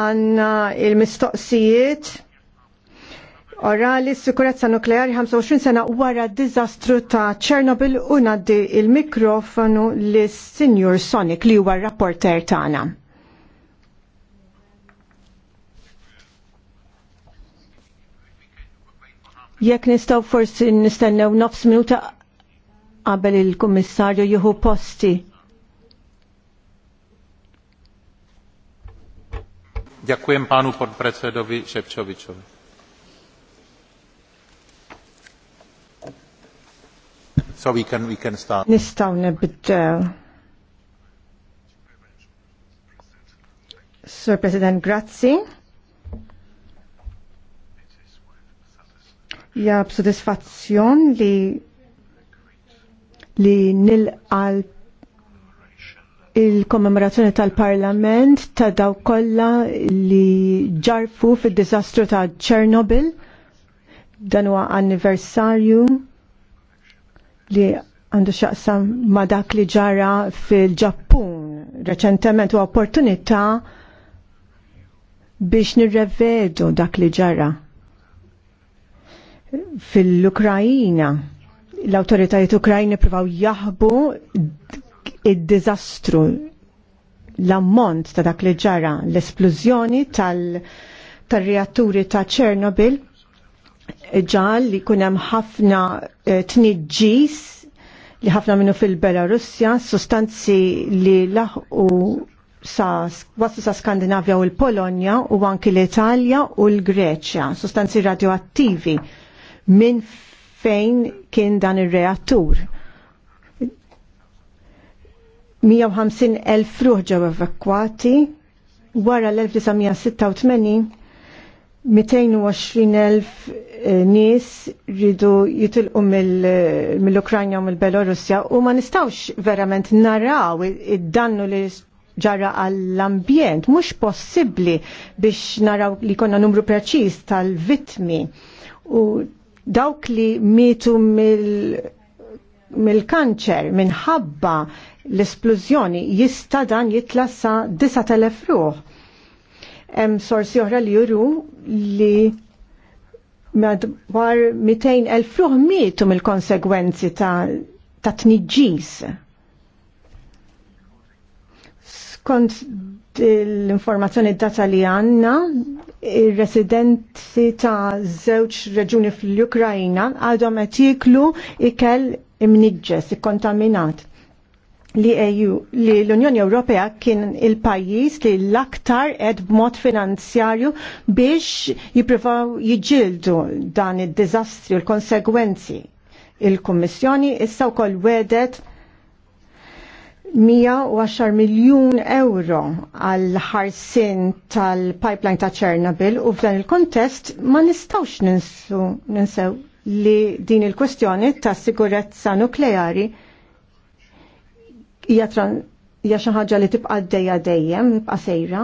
għanna il-mistoqsijiet orali s-sikurezza nukleari 25 sena wara d-dizastru ta' Ċernobil u naddi il-mikrofonu li Senior Sonic li huwa rapporter tagħna. Jekk nistgħu forsi nistennew nofs minuta qabel il-kummissarju jieħu posti. Ďakujem pánu podpredsedovi Šepčovičovi. Nistaw nibdew. Sir President, grazzi. Ja b'sodisfazzjon li li nilqal il-kommemorazzjoni tal-Parlament ta' daw kollha li ġarfu fid-diżastru ta' Chernobyl. Dan huwa anniversarju li għandu xaqsam ma' dak li ġara fil-Ġappun reċentement u opportunità biex nirrevedu dak li ġara fil-Ukrajina l-autoritajiet Ukrajni provaw jaħbu id-dizastru l-ammont ta' dak li ġara l-esplużjoni tal-reatturi ta' Chernobyl ġal li kunem ħafna eh, tniġġis li ħafna minnu fil-Belarusja, sustanzi li laħqu sa waslu sa Skandinavja u l-Polonja u anki l-Italja u l-Greċja, sustanzi radioattivi minn fejn kien dan ir-reattur 150.000 ruħ ġew evakwati wara l-1986 220.000 eh, nies ridu jitilqu eh, mill-Ukranja u mill-Belorussja u ma nistawx verament naraw id-dannu li ġara għall-ambjent. Mhux possibbli biex naraw li konna numru preċiż tal-vitmi u dawk li mitu mill-kanċer minħabba l-esplużjoni jista dan jitla sa 9000 ruħ. Hemm sorsi oħra li juru li madwar 200,000 ruħ mietu mill-konsegwenzi ta', ta tniġġis. Skont l-informazzjoni data li għanna, il-residenti ta' zewċ reġuni fl-Ukrajna għadhom qed jiklu ikel imniġġes, ikkontaminat li EU li l-Unjoni Ewropea kien il-pajjiż li l-aktar ed b'mod finanzjarju biex jippruvaw jiġildu dan id-diżastri u l-konsegwenzi. Il-Kummissjoni issa wkoll wedet 110 miljun euro għal ħarsin tal-pipeline ta' Chernobyl u f'dan il-kontest ma nistawx ninsew li din il-kwestjoni ta' sigurezza nukleari hija xi ħaġa li tibqa' għaddejja dejjem, tibqa' sejra.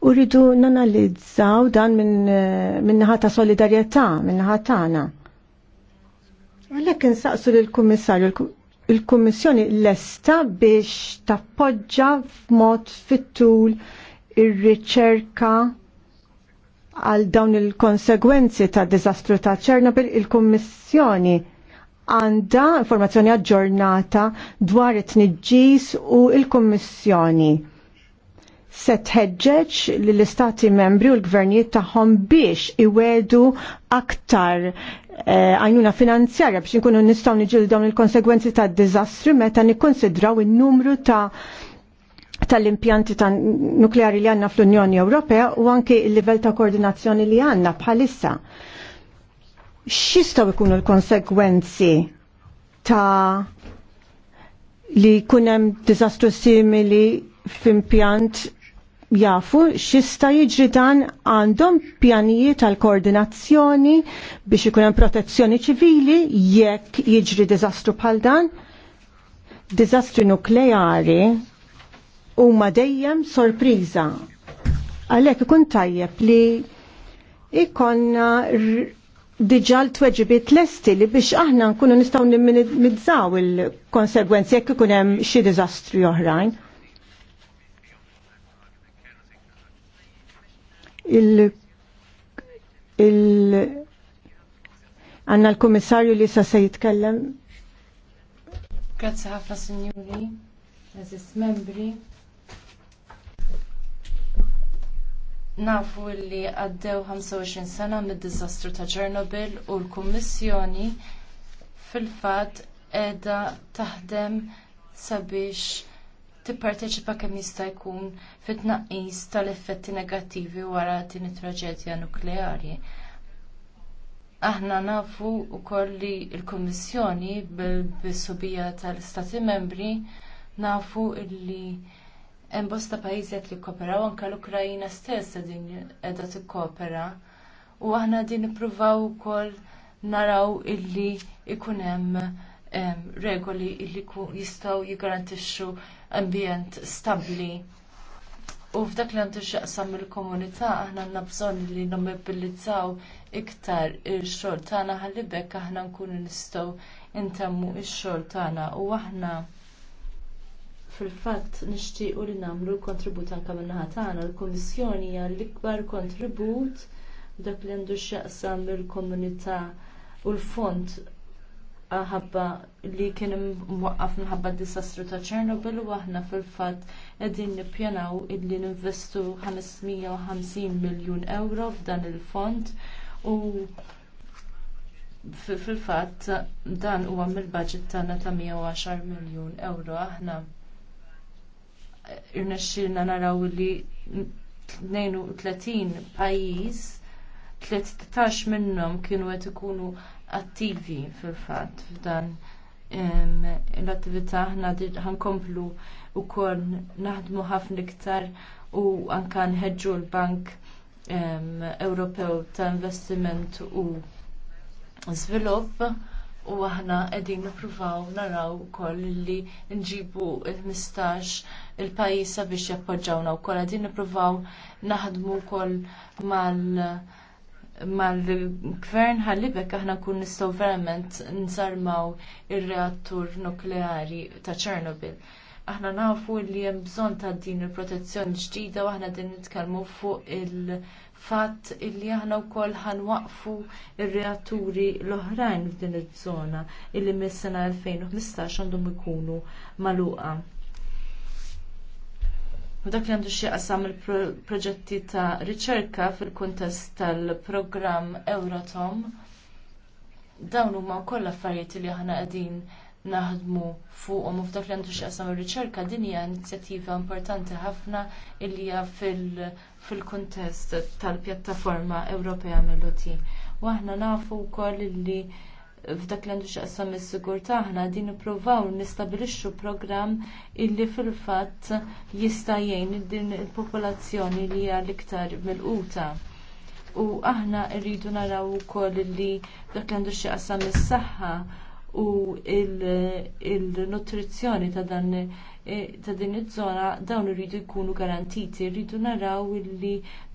U nanalizzaw dan eh, minn naħa ta' solidarjetà, minn naħa tagħna. Għalhekk insaqsu lill-Kummissarju, il-Kummissjoni lesta biex tappoġġa f'mod fit-tul ir-riċerka għal dawn il-konsegwenzi ta' diżastru ta' Ċernobil il-Kummissjoni għandha informazzjoni aġġornata dwar it-tniġġis u l-Kummissjoni se tħeġġeġ lill istati membri u l-gvernijiet tagħhom biex iwedu aktar eh, għajnuna finanzjarja biex nkunu nistgħu nġil dawn il-konsegwenzi ta' dizastru meta nikkonsidraw in-numru ta' tal-impjanti ta' nukleari li għanna fl-Unjoni Ewropea u anki il-livell ta' koordinazzjoni li għanna bħalissa xistaw ikunu l-konsekwenzi ta' li kunem disastru simili f'impjant jafu xista jiġri dan għandhom pjanijiet tal koordinazzjoni biex ikun hemm protezzjoni ċivili jekk jiġri diżastru bħal dan. Diżastri nukleari huma dejjem sorpriża. Għalhekk ikun tajjeb li ikonna diġa l esti lesti li biex aħna nkunu nistaw nimminizzaw il-konsegwenzi jekk ikun hemm xi diżastri oħrajn. Il il għanna l-komissarju li sa se jitkellem. Grazzi ħafna, signori, eżis membri. nafu li għaddew 25 sena mid-diżastru ta' Ċernobil u l-Kummissjoni fil-fatt qiegħda taħdem sabiex tipparteċipa kemm jista' jkun fit-tnaqqis tal-effetti negattivi wara din it-traġedja nukleari. Aħna nafu wkoll li l-Kummissjoni bil-bisubija tal istati membri nafu li hemm bosta pajjiżiet li kkoperaw anke l-Ukrajina stess din qiegħda tikkopera. U aħna din nippruvaw ukoll naraw illi ikun hemm regoli illi jistgħu jiggarantixxu ambjent stabbli. U f'dak li għandu xaqsam il-komunità aħna għandna bżonn li nommobilizzaw iktar il-xogħol tagħna ħalli bekk aħna nkunu nistgħu intemmu x xogħol tagħna u aħna fil-fatt nixtiequ li nagħmlu l-kontribut anke min-naħa tagħna. L-Kummissjoni hija l-ikbar kontribut dak li għandu x'jaqsam il komunità u l-fond ħabba li kien mwaqqaf minħabba d-disastru ta' ċernobil u aħna fil-fatt qegħdin nippjanaw illi ninvestu 550 miljun euro f'dan il-fond u fil-fatt dan huwa mill-budget tagħna ta' 110 miljun euro aħna irnexxilna naraw li 32 pajjiż 13 minnhom kienu qed ikunu attivi fil-fatt f'dan l-attività aħna ħankomplu wkoll naħdmu ħafna iktar u anke nħeġġu l-Bank Ewropew ta' Investiment u Żvilupp u aħna qegħdin nippruvaw naraw ukoll li nġibu l-15 il-pajjiż sabiex jappoġġawna wkoll qegħdin nippruvaw naħdmu wkoll mal mal-gvern ħallibek aħna kun nistgħu verament nżarmaw ir-reattur nukleari ta' Chernobyl. Aħna nafu li hemm bżonn ta' din il-protezzjoni ġdida u aħna din nitkellmu fuq il-fatt illi aħna wkoll ħanwaqfu ir-reatturi l-oħrajn f'din iż-żona illi mis-sena 2015 għandhom ikunu magħluqa. U dak li għandu xie qasam il-proġetti ta' riċerka fil-kuntest tal-programm Euratom, dawn huma wkoll affarijiet li aħna qegħdin naħdmu fuqhom u f'dak li għandu x'qasam ir-riċerka din hija inizjattiva importanti ħafna illi hija fil-kuntest tal-pjattaforma Ewropea Meloti. U aħna nafu wkoll li f'dak li għandu xaqsam mis sigurtà aħna din nippruvaw nistabilixxu programm illi fil-fatt jista' jgħin din il-popolazzjoni li hija l-iktar mill-quta. U aħna rridu naraw ukoll li dak li għandu xaqsam is-saħħa u il-nutrizzjoni ta' dan e, ta' din iż-żona dawn irridu jkunu garantiti, rridu naraw li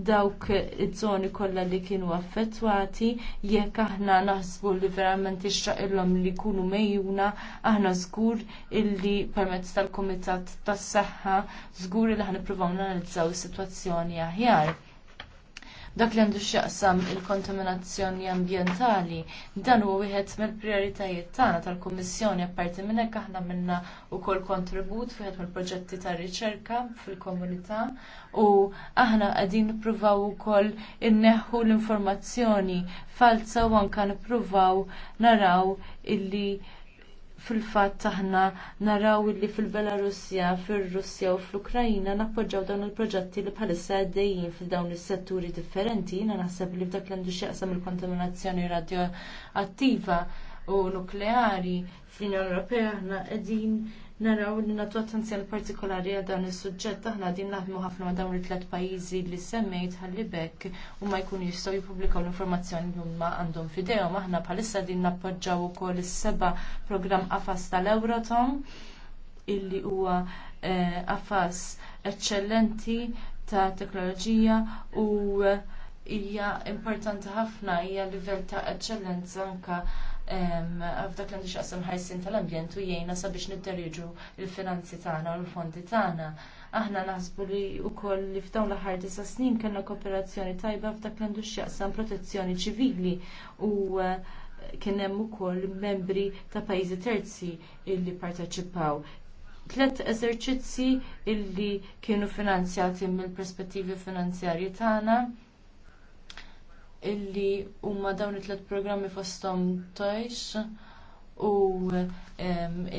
dawk iż-żoni kollha li kienu affettwati jekk aħna naħsbu li verament x'aqilhom li jkunu mejjuna, aħna żgur illi permezz tal-Kumitat tas-Saħħa żgur li aħna nippruvaw nanalizzaw is-sitwazzjoni aħjar dak li għandu x'jaqsam il-kontaminazzjoni ambjentali, dan huwa wieħed mill-prijoritajiet tagħna tal-Kummissjoni apparti minn hekk aħna minna wkoll kontribut wieħed mill-proġetti ta' riċerka fil-komunità u aħna qegħdin nippruvaw ukoll inneħħu l-informazzjoni falsa u anke nippruvaw naraw illi fil-fatt aħna naraw li fil-Belarusja, fil-Russja u fl ukrajina nappoġġaw dawn il-proġetti li bħalissa għaddejjin fil-dawn is-setturi differenti, jiena naħseb li f'dak l-għandu xieqsam il-kontaminazzjoni radioattiva u nukleari fl-Unjoni Ewropea aħna qegħdin naraw li nagħtu attenzjoni partikolari għal dan is-suġġett aħna din naħdmu ħafna ma' dawn it-tlet pajjiżi li semmejt ħalli bekk u ma jkunu jistgħu jippubblikaw l-informazzjoni li huma għandhom f'idejhom aħna bħalissa din nappoġġaw ukoll is-seba' programm qafas tal-Euratom illi huwa qafas eh, eċċellenti ta' teknoloġija u eh, hija importanti ħafna hija livell ta' eċċellenza anke f'dak l għasem ħajsin tal-ambjent u jgħina sabiex nidderiġu il-finanzi tagħna u l-fondi tagħna. Aħna naħsbu li koll li f'dawn l-aħħar disa snin kellna kooperazzjoni tajba f'dak l għasem protezzjoni ċivili u eh, kien hemm ukoll membri ta' pajjiżi terzi illi parteċipaw tlet eżerċizzi illi kienu finanzjati mill-perspettivi finanzjarji tagħna illi huma dawn it-tlet programmi fosthom Toyx u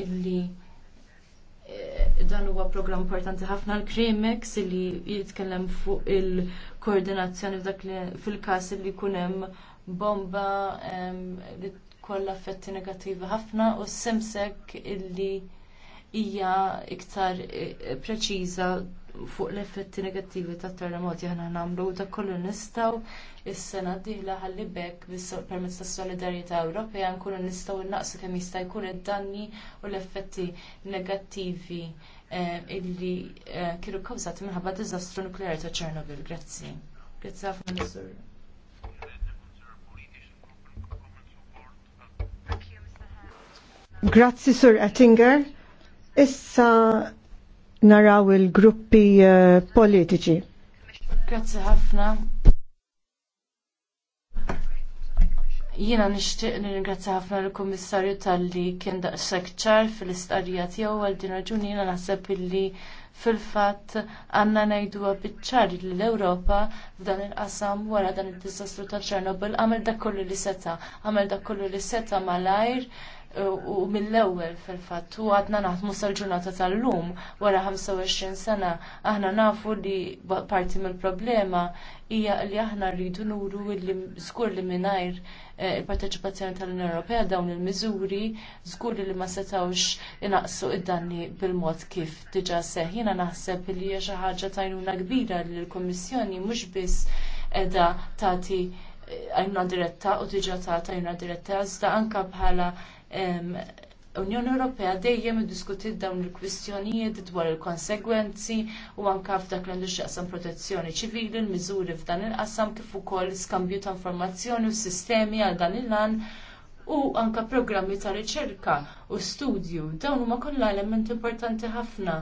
illi eh, dan huwa programm importanti ħafna l cremex illi jitkellem fuq il-koordinazzjoni fil-każ illi jkun hemm bomba li tkollha effetti negattivi ħafna u semsek illi hija iktar eh, preċiża fuq l-effetti negattivi tat terremoti aħna nagħmlu dak kollu nistgħu is-sena d-dieħla ħalli bekk permezz tas solidarjetà Ewropea nkunu nistgħu innaqsu kemm jista' jkun id-danni u l-effetti negattivi eh, illi eh, kienu kkawżati minħabba diżastru nukleari ta' Ċernobil. Grazzi. Grazzi ħafna Grazzi Sir Ettinger. Issa naraw il-gruppi eh, politiċi. Grazzi ħafna. Jiena nixtieq nirringrazzja ħafna l-Kummissarju tal-li kien daqshekk ċar fil-istqarrija tiegħu għal din raġuni jiena naħseb illi fil-fatt għandna ngħiduha biċ-ċar li l-Ewropa f'dan il-qasam wara dan id-diżastru ta' Ċernobil għamel dak kollu li seta' għamel dak kollu li seta' malajr u mill-ewwel fil-fatt u għadna naħdmu sal-ġurnata tal-lum wara 25 sena aħna nafu li parti mill-problema hija li aħna rridu nuru li żgur li mingħajr eh, il-parteċipazzjoni tal-Unjoni Ewropea dawn il-miżuri żgur li ma setawx inaqsu id-danni bil-mod kif diġà seħ. Jiena naħseb li hija xi ħaġa tajnuna kbira li l-Kummissjoni mhux biss qiegħda tagħti eh, għajna diretta u diġa tagħti għajna diretta, iżda anka bħala Unjoni Ewropea dejjem iddiskuti dawn il-kwistjonijiet dwar il-konsegwenzi u anke f'dak li għandu x'jaqsam protezzjoni ċivili, l-miżuri f'dan il-qasam kif ukoll skambju ta' informazzjoni u sistemi għal dan il-lan u anka programmi ta' riċerka u studju. Dawn huma kollha elementi importanti ħafna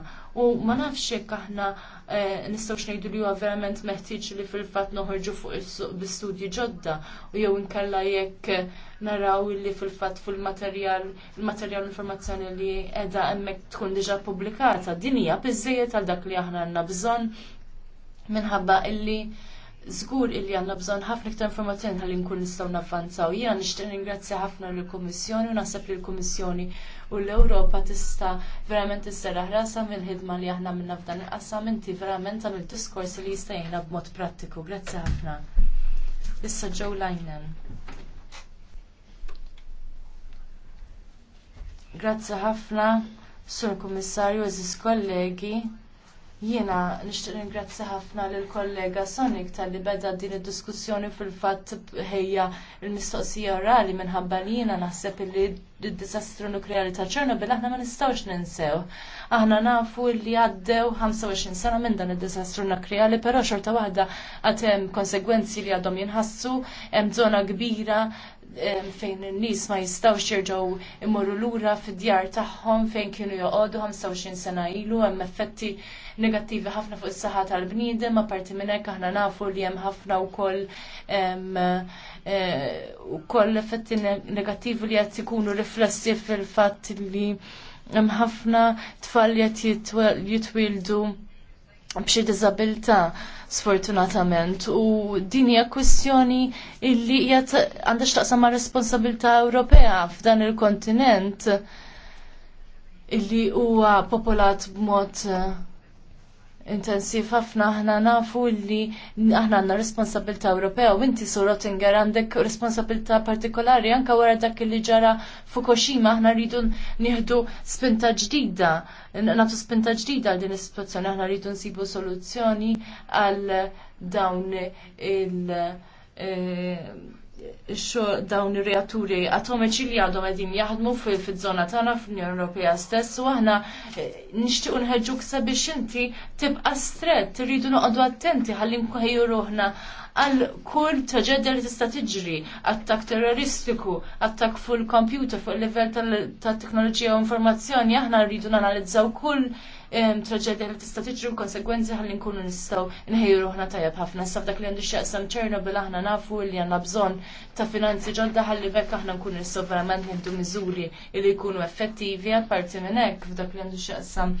u ma nafx jekk aħna eh, nistgħu ngħidu li huwa verament meħtieġ li fil-fatt noħorġu fuq bl studji ġodda u jew inkella jekk eh, naraw li fil-fatt fuq il materjal il-materjal informazzjoni li qiegħda hemmhekk tkun diġà pubblikata. Din hija biżejjed għal dak li aħna għandna bżonn minħabba illi Zgur illi għanna bżon ħafna iktar informazzjoni ħalli nkun nistgħu navvanzaw. Jiena nixtieq ringrazzja ħafna lill kummissjoni u naħseb li l-Kummissjoni u l-Ewropa tista' verament tisserraħ rasha mill-ħidma li aħna minn f'dan il-qassam inti verament tagħmel diskors li jista' jgħinna b'mod prattiku. Grazzi ħafna. Issa ġew Lajnen. Grazzi ħafna, Sur Kummissarju, eżis kollegi. Jiena nixtieq ringrazzja ħafna lill kollega Sonic talli beda din id-diskussjoni fil-fatt ħejja l-mistoqsija orali minħabba li jiena naħseb li d-disastru nukleari ta' Ċernobil aħna ma nistgħux ninsew. Aħna nafu li għaddew 25 sena minn dan id-disastru nukleari, però xorta waħda għad hemm konsegwenzi li għadhom jinħassu, hemm żona kbira fejn n-nis ma jistawx jirġaw imorru lura fid-djar tagħhom fejn kienu joqogħdu 25 sena ilu hemm effetti negattivi ħafna fuq is-saħħa tal-bniedem apparti minn hekk aħna nafu li hemm ħafna wkoll e, koll effetti negattivi li qed ikunu riflessi fil-fatt li hemm ħafna tfal qed jitwildu b'xi diżabilità sfortunatament u din hija kwestjoni illi hija għandha x'taqsam ma' responsabilità Ewropea f'dan il-kontinent illi huwa popolat b'mod eh, intensiv ħafna aħna nafu li aħna għandna responsabilità Ewropea u inti su Rottinger għandek responsabilità partikolari anke wara dak li ġara Fukushima aħna rridu nieħdu spinta ġdida, nagħtu spinta ġdida għal din is-sitwazzjoni aħna rridu nsibu soluzzjoni għal dawn il- eh, dawn ir-reatturi atomiċi li għadhom qegħdin jaħdmu fiż-żona tagħna fl-Unjoni Ewropea stess u aħna eh, nixtiequ ksa biex inti tibqa' stret, irridu noqogħdu attenti ħalli nkuħejju ruħna għal kull taġedda li tista' tiġri, attak terroristiku, attak fuq il-kompjuter, fuq il-livell tat teknoloġija u informazzjoni, aħna rridu nanalizzaw kull traġedja li tista' tiġri konsegwenzi ħalli nkunu nistgħu nħejju ruħna tajjeb ħafna. Issa f'dak li għandu x'jaqsam Chernobyl aħna nafu li għandna bżonn ta' finanzi ġodda ħalli bekk aħna nkunu nistgħu verament nieħdu miżuri li jkunu effettivi apparti minn hekk f'dak li għandu x'jaqsam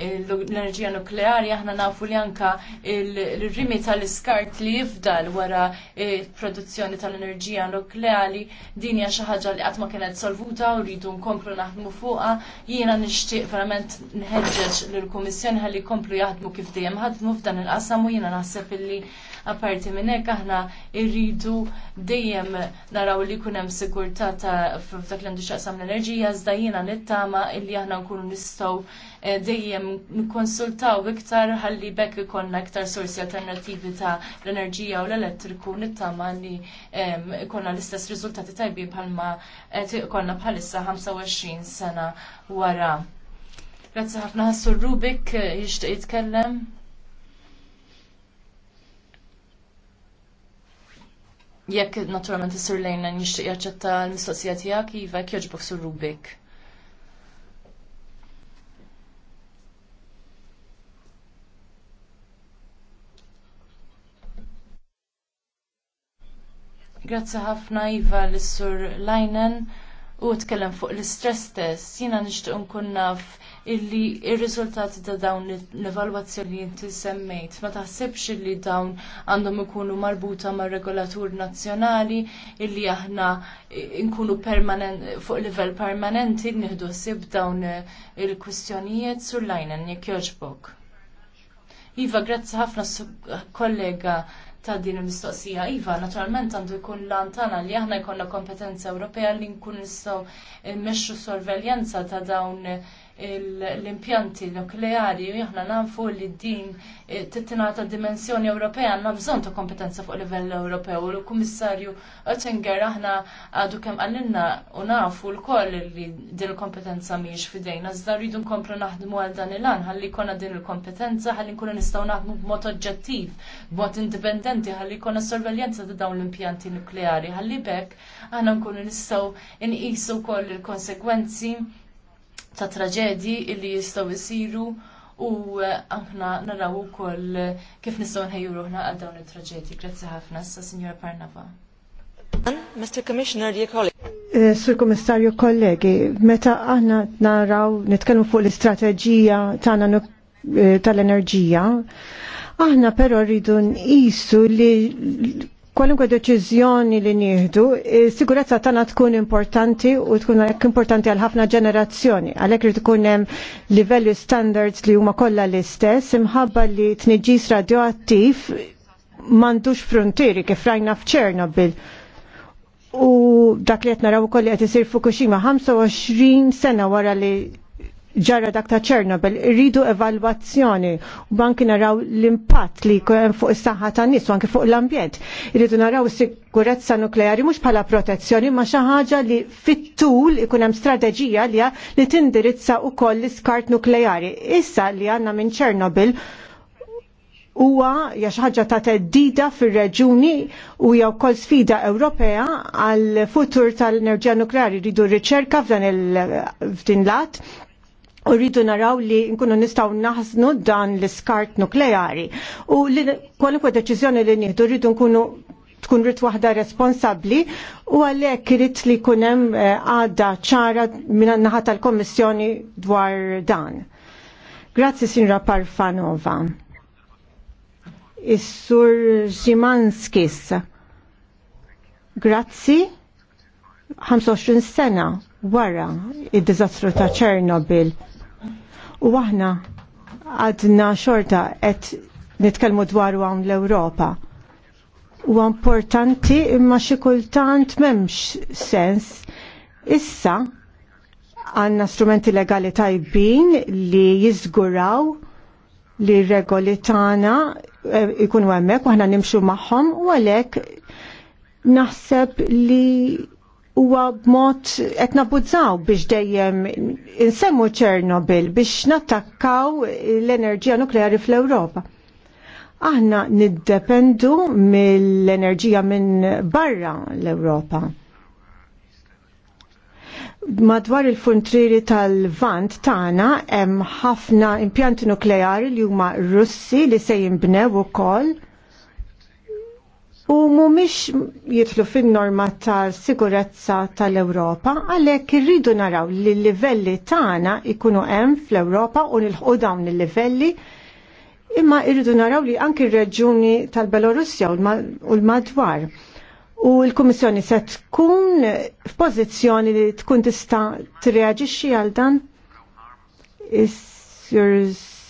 l-enerġija nukleari aħna nafu li anka il-rimi tal-iskart li jifdal wara eh, produzzjoni tal-enerġija nukleari din hija xi ħaġa li qatt ma kienet solvuta u rridu nkomplu naħdmu fuqha. Jiena nixtieq verament nħeġġeġ lill-Kummissjoni ħalli jkomplu jaħdmu kif dejjem ħadmu f'dan il-qasam u jiena naħseb illi Aparti minn hekk aħna rridu dejjem naraw li jkun hemm ta' f'dak li għandu x'aqsam l-enerġija iżda jiena nittama illi aħna nkunu nistgħu eh, dejjem nikkonsultaw iktar ħalli bekk ikollna iktar sorsi alternattivi ta' l-enerġija u l-elettriku nittama li ikollna l-istess riżultati tajbi bħalma eh, ikollna bħalissa 25 sena wara. Grazzi ħafna ħassu Rubik jixtieq jitkellem. jekk naturalment is-sur lejna nixtieq jaċċetta l-mistoqsija tiegħek iva jekk jogħġbok sur Rubik. Grazzi ħafna Iva l-sur Lajnen u tkellem fuq l-istress test. Jiena nixtieq nkun naf illi il riżultati ta' dawn l-evalwazzjoni li semmejt ma taħsibx illi dawn għandhom ikunu marbuta mar regolatur nazzjonali illi aħna nkunu fuq livell permanenti nieħdu ssib dawn il-kwistjonijiet sur lajnen jekk jogħġbok. Iva, grazzi ħafna kollega ta' din il-mistoqsija. Iva, naturalment għandu jkun lantana li aħna jkollna kompetenza Ewropea li nkun nistgħu mmexxu sorveljanza ta' dawn l-impjanti nukleari u jahna nafu li din eh, t-tinata dimensjoni Ewropea għanna bżon ta' kompetenza fuq livell Ewropew u l-Kummissarju Oettinger aħna għadu kem għallinna u nafu l-koll li din il-kompetenza miex fidejna. Iżda rridu nkomplu naħdmu għal dan il-an ħalli kona din il-kompetenza ħalli nkunu nistaw naħdmu b'mod oġġettiv, b'mod indipendenti ħalli kona sorveljenza ta' dawn l-impjanti nukleari ħalli bekk aħna nkunu nistaw inqisu koll il-konsekwenzi ta' traġedji illi jistgħu jsiru u eh, aħna naraw ukoll eh, kif nistgħu nħejju ruħna għal dawn it-traġedji. Grazzi ħafna sa Sinjora Parnava. Mr. Commissioner, dear colleague. Eh, Sur Komissarju kollegi, meta aħna naraw nitkellmu fuq l-istrateġija tagħna tal-enerġija, aħna però rridu nqisu li kwalunkwe deċiżjoni li nieħdu, eh, sigurezza tagħna tkun importanti u tkun hekk importanti għal ħafna ġenerazzjoni. Għalhekk li ikun hemm livelli standards li huma kollha l-istess imħabba li tniġġis radioattiv m'għandux frontieri kif rajna f'Ċernobil. U dak li qed naraw ukoll li qed isir Fukushima 25 sena wara li ġara dak ta' Ċernobil, rridu evalwazzjoni u banki naraw l-impatt li hemm fuq is-saħħa tan nies u anke fuq l-ambjent. Irridu naraw is sigurezza nukleari mhux bħala protezzjoni ma xi ħaġa li fit-tul ikun hemm strateġija li li tindirizza wkoll l-iskart nukleari. Issa li għandna minn Ċernobil huwa ja xi ħaġa ta' teddida fir-reġuni u jew wkoll sfida Ewropea għal futur tal-enerġija nukleari rridu riċerka f'dan il-f'din lat u rridu naraw li nkunu nistaw naħznu dan l-iskart nukleari u li kwalunkwe deċiżjoni li nieħdu rridu nkunu tkun rrit waħda responsabli u għalek rrit li kunem eh, għadda ċara minna naħat tal-Komissjoni dwar dan. Grazzi, Sinra Parfanova. Is-Sur Zimanskis. Grazzi, 25 sena wara id-dizastru ta' Ċernobil u aħna għadna xorta qed nitkellmu dwar hawn l-Ewropa. U importanti imma xi kultant m'hemmx sens. Issa għandna strumenti legali tajbin li jiżguraw li regoli tagħna eh, ikunu hemmhekk u aħna nimxu magħhom u għalhekk naħseb li huwa b'mod qed nabbużaw biex dejjem insemmu Ċernobil biex nattakkaw l-enerġija nukleari fl-Ewropa. Aħna niddependu mill-enerġija minn barra l-Ewropa. Madwar il-funtriri tal-vant tagħna hemm ħafna impjanti nukleari li huma Russi li se jinbnew ukoll u mhumiex jidħlu fin-norma tal-sigurezza tal-Ewropa għalhekk irridu naraw li l-livelli tagħna ikunu hemm fl-Ewropa u nilħqu dawn il-livelli imma irridu naraw li anki r reġuni tal-Belorussja u l-madwar. U l-Kummissjoni se tkun f'pożizzjoni li tkun tista' tirreaġixxi għal dan? is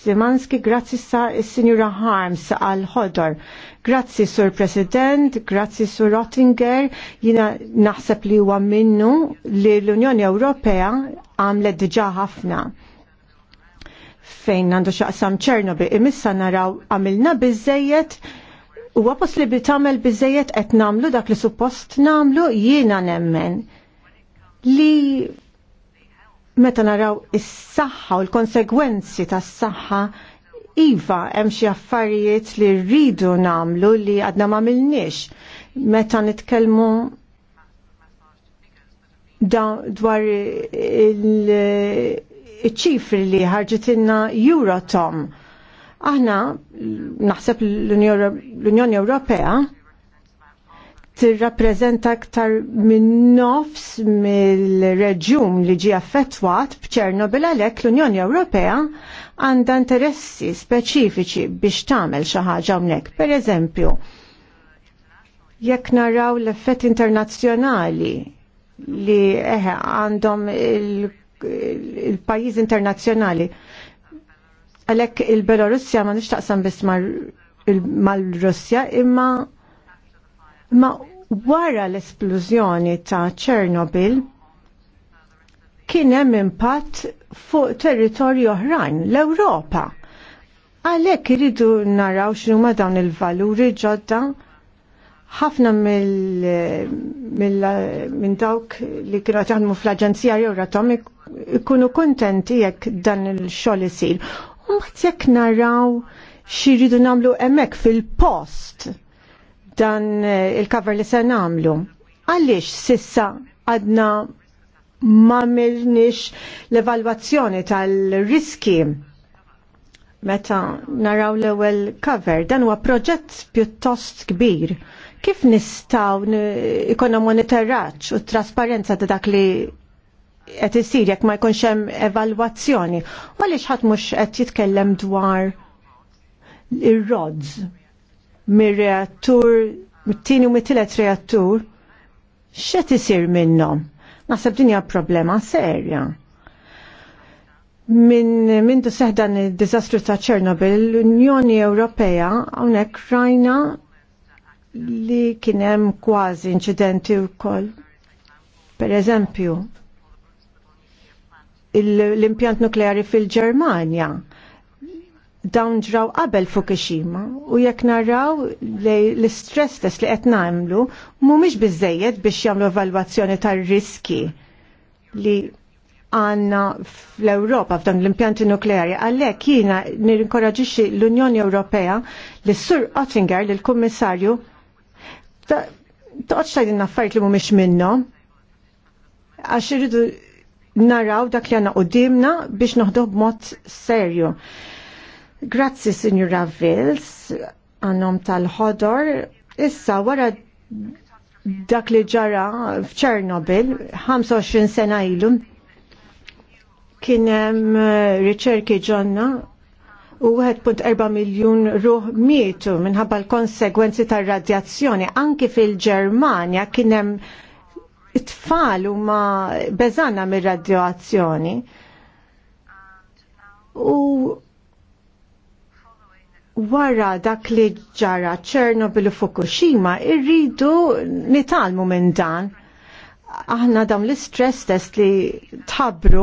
Szymanski, grazzi sa Signora sinjura Harms għal-ħodor. Grazzi Sur President, grazzi Sur Rottinger, jina naħseb li huwa minnu li l-Unjoni Ewropea għamlet diġa ħafna fejn għandu xaqsam ċernobi, imissa naraw għamilna bizzejiet u għapos li bitamel bizzejiet et namlu dak li suppost namlu jiena nemmen li meta naraw is-saħħa u l-konsegwenzi tas-saħħa iva hemm xi affarijiet li rridu nagħmlu li għadna ma milniex. Meta nitkellmu dwar il-ċifri li ħarġitilna Eurotom. Aħna naħseb l-Unjoni Ewropea tirrappreżenta aktar minn nofs mill-reġjun li ġie affettwat b'Ċernobil għalhekk l-Unjoni Ewropea għandha interessi speċifiċi biex tagħmel xi ħaġa hawnhekk. Pereżempju, jekk naraw l-effett internazzjonali li eħe għandhom il-pajjiż il internazzjonali. Għalhekk il-Belorussja ma nixtaqsam biss mal-Russja imma Ma wara l-esplużjoni ta' Chernobyl kien hemm impatt fuq territorju oħrajn, l-Ewropa. Għalhekk iridu naraw x'huma dawn il-valuri ġodda ħafna minn dawk li kienu jaħdmu fl-Aġenzija Euratom ikunu kontenti jekk dan il-xogħol isir. U mbagħad jekk naraw xiridu nagħmlu hemmhekk fil-post dan eh, il-cover li se namlu. Għaliex sissa għadna ma mirnix l-evalwazzjoni tal-riski meta naraw l-ewwel cover dan huwa proġett pjuttost kbir. Kif nistaw ikonna monitoraġġ u trasparenza ta' dak li qed isir jekk ma jkunx hemm evalwazzjoni. Għaliex ħadd mhux qed jitkellem dwar ir-rods mir-reattur, mit-tieni u mit tilet reattur, xet isir minnhom? Naħseb din hija problema serja. Min mindu seħdan il-dizastru ta' Ċernobil, l-Unjoni Ewropea hawnhekk rajna li kien hemm kważi inċidenti wkoll. Per eżempju, l-impjant nukleari fil-Ġermanja dawn ġraw qabel Fukushima u jekk narraw l-istress test li qed nagħmlu mhumiex biżejjed biex jagħmlu evalwazzjoni tar-riski li għanna fl-Europa f'dan l-impjanti nukleari, għalhekk jiena nirrinkoraġixi l-Unjoni Ewropea li sur Ottinger, li l-Kummissarju, toqgħodx tajdin affarijiet li mhumiex minnhom għax irridu naraw dak li għanna qoddimna biex noħdu b'mod serju. Grazzi, Signor Vils, għannom tal-ħodor. Issa, wara dak li ġara f'Ċernobil, 25 sena ilu, kienem eh, riċerki ġonna u 1.4 miljon ruħ mietu minħabba l-konsegwenzi tar radjazzjoni anki fil-Ġermanja kienem tfal u ma beżana mir radjazzjoni U wara dak li ġara Ċernobil u Fukushima irridu nitalmu minn dan. Aħna dawn l-istress test li tħabbru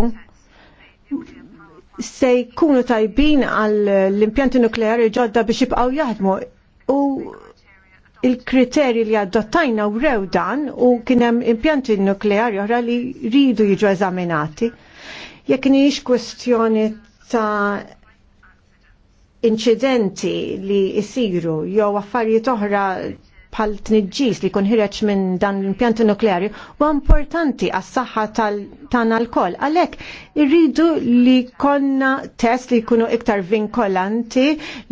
se jkunu tajbin għal l-impjanti nukleari ġodda biex jibqgħu jaħdmu u il-kriterji li adottajna u rew dan u kienem impjanti nukleari oħra li rridu jiġu eżaminati. Jekk nix kwestjoni ta' inċidenti li jisiru jew affarijiet oħra bħal tniġġis li kun ħireġ minn dan l-impjanti nukleari huwa importanti għas saħħa tagħna l-koll. Għalhekk irridu li konna test li jkunu iktar vinkolanti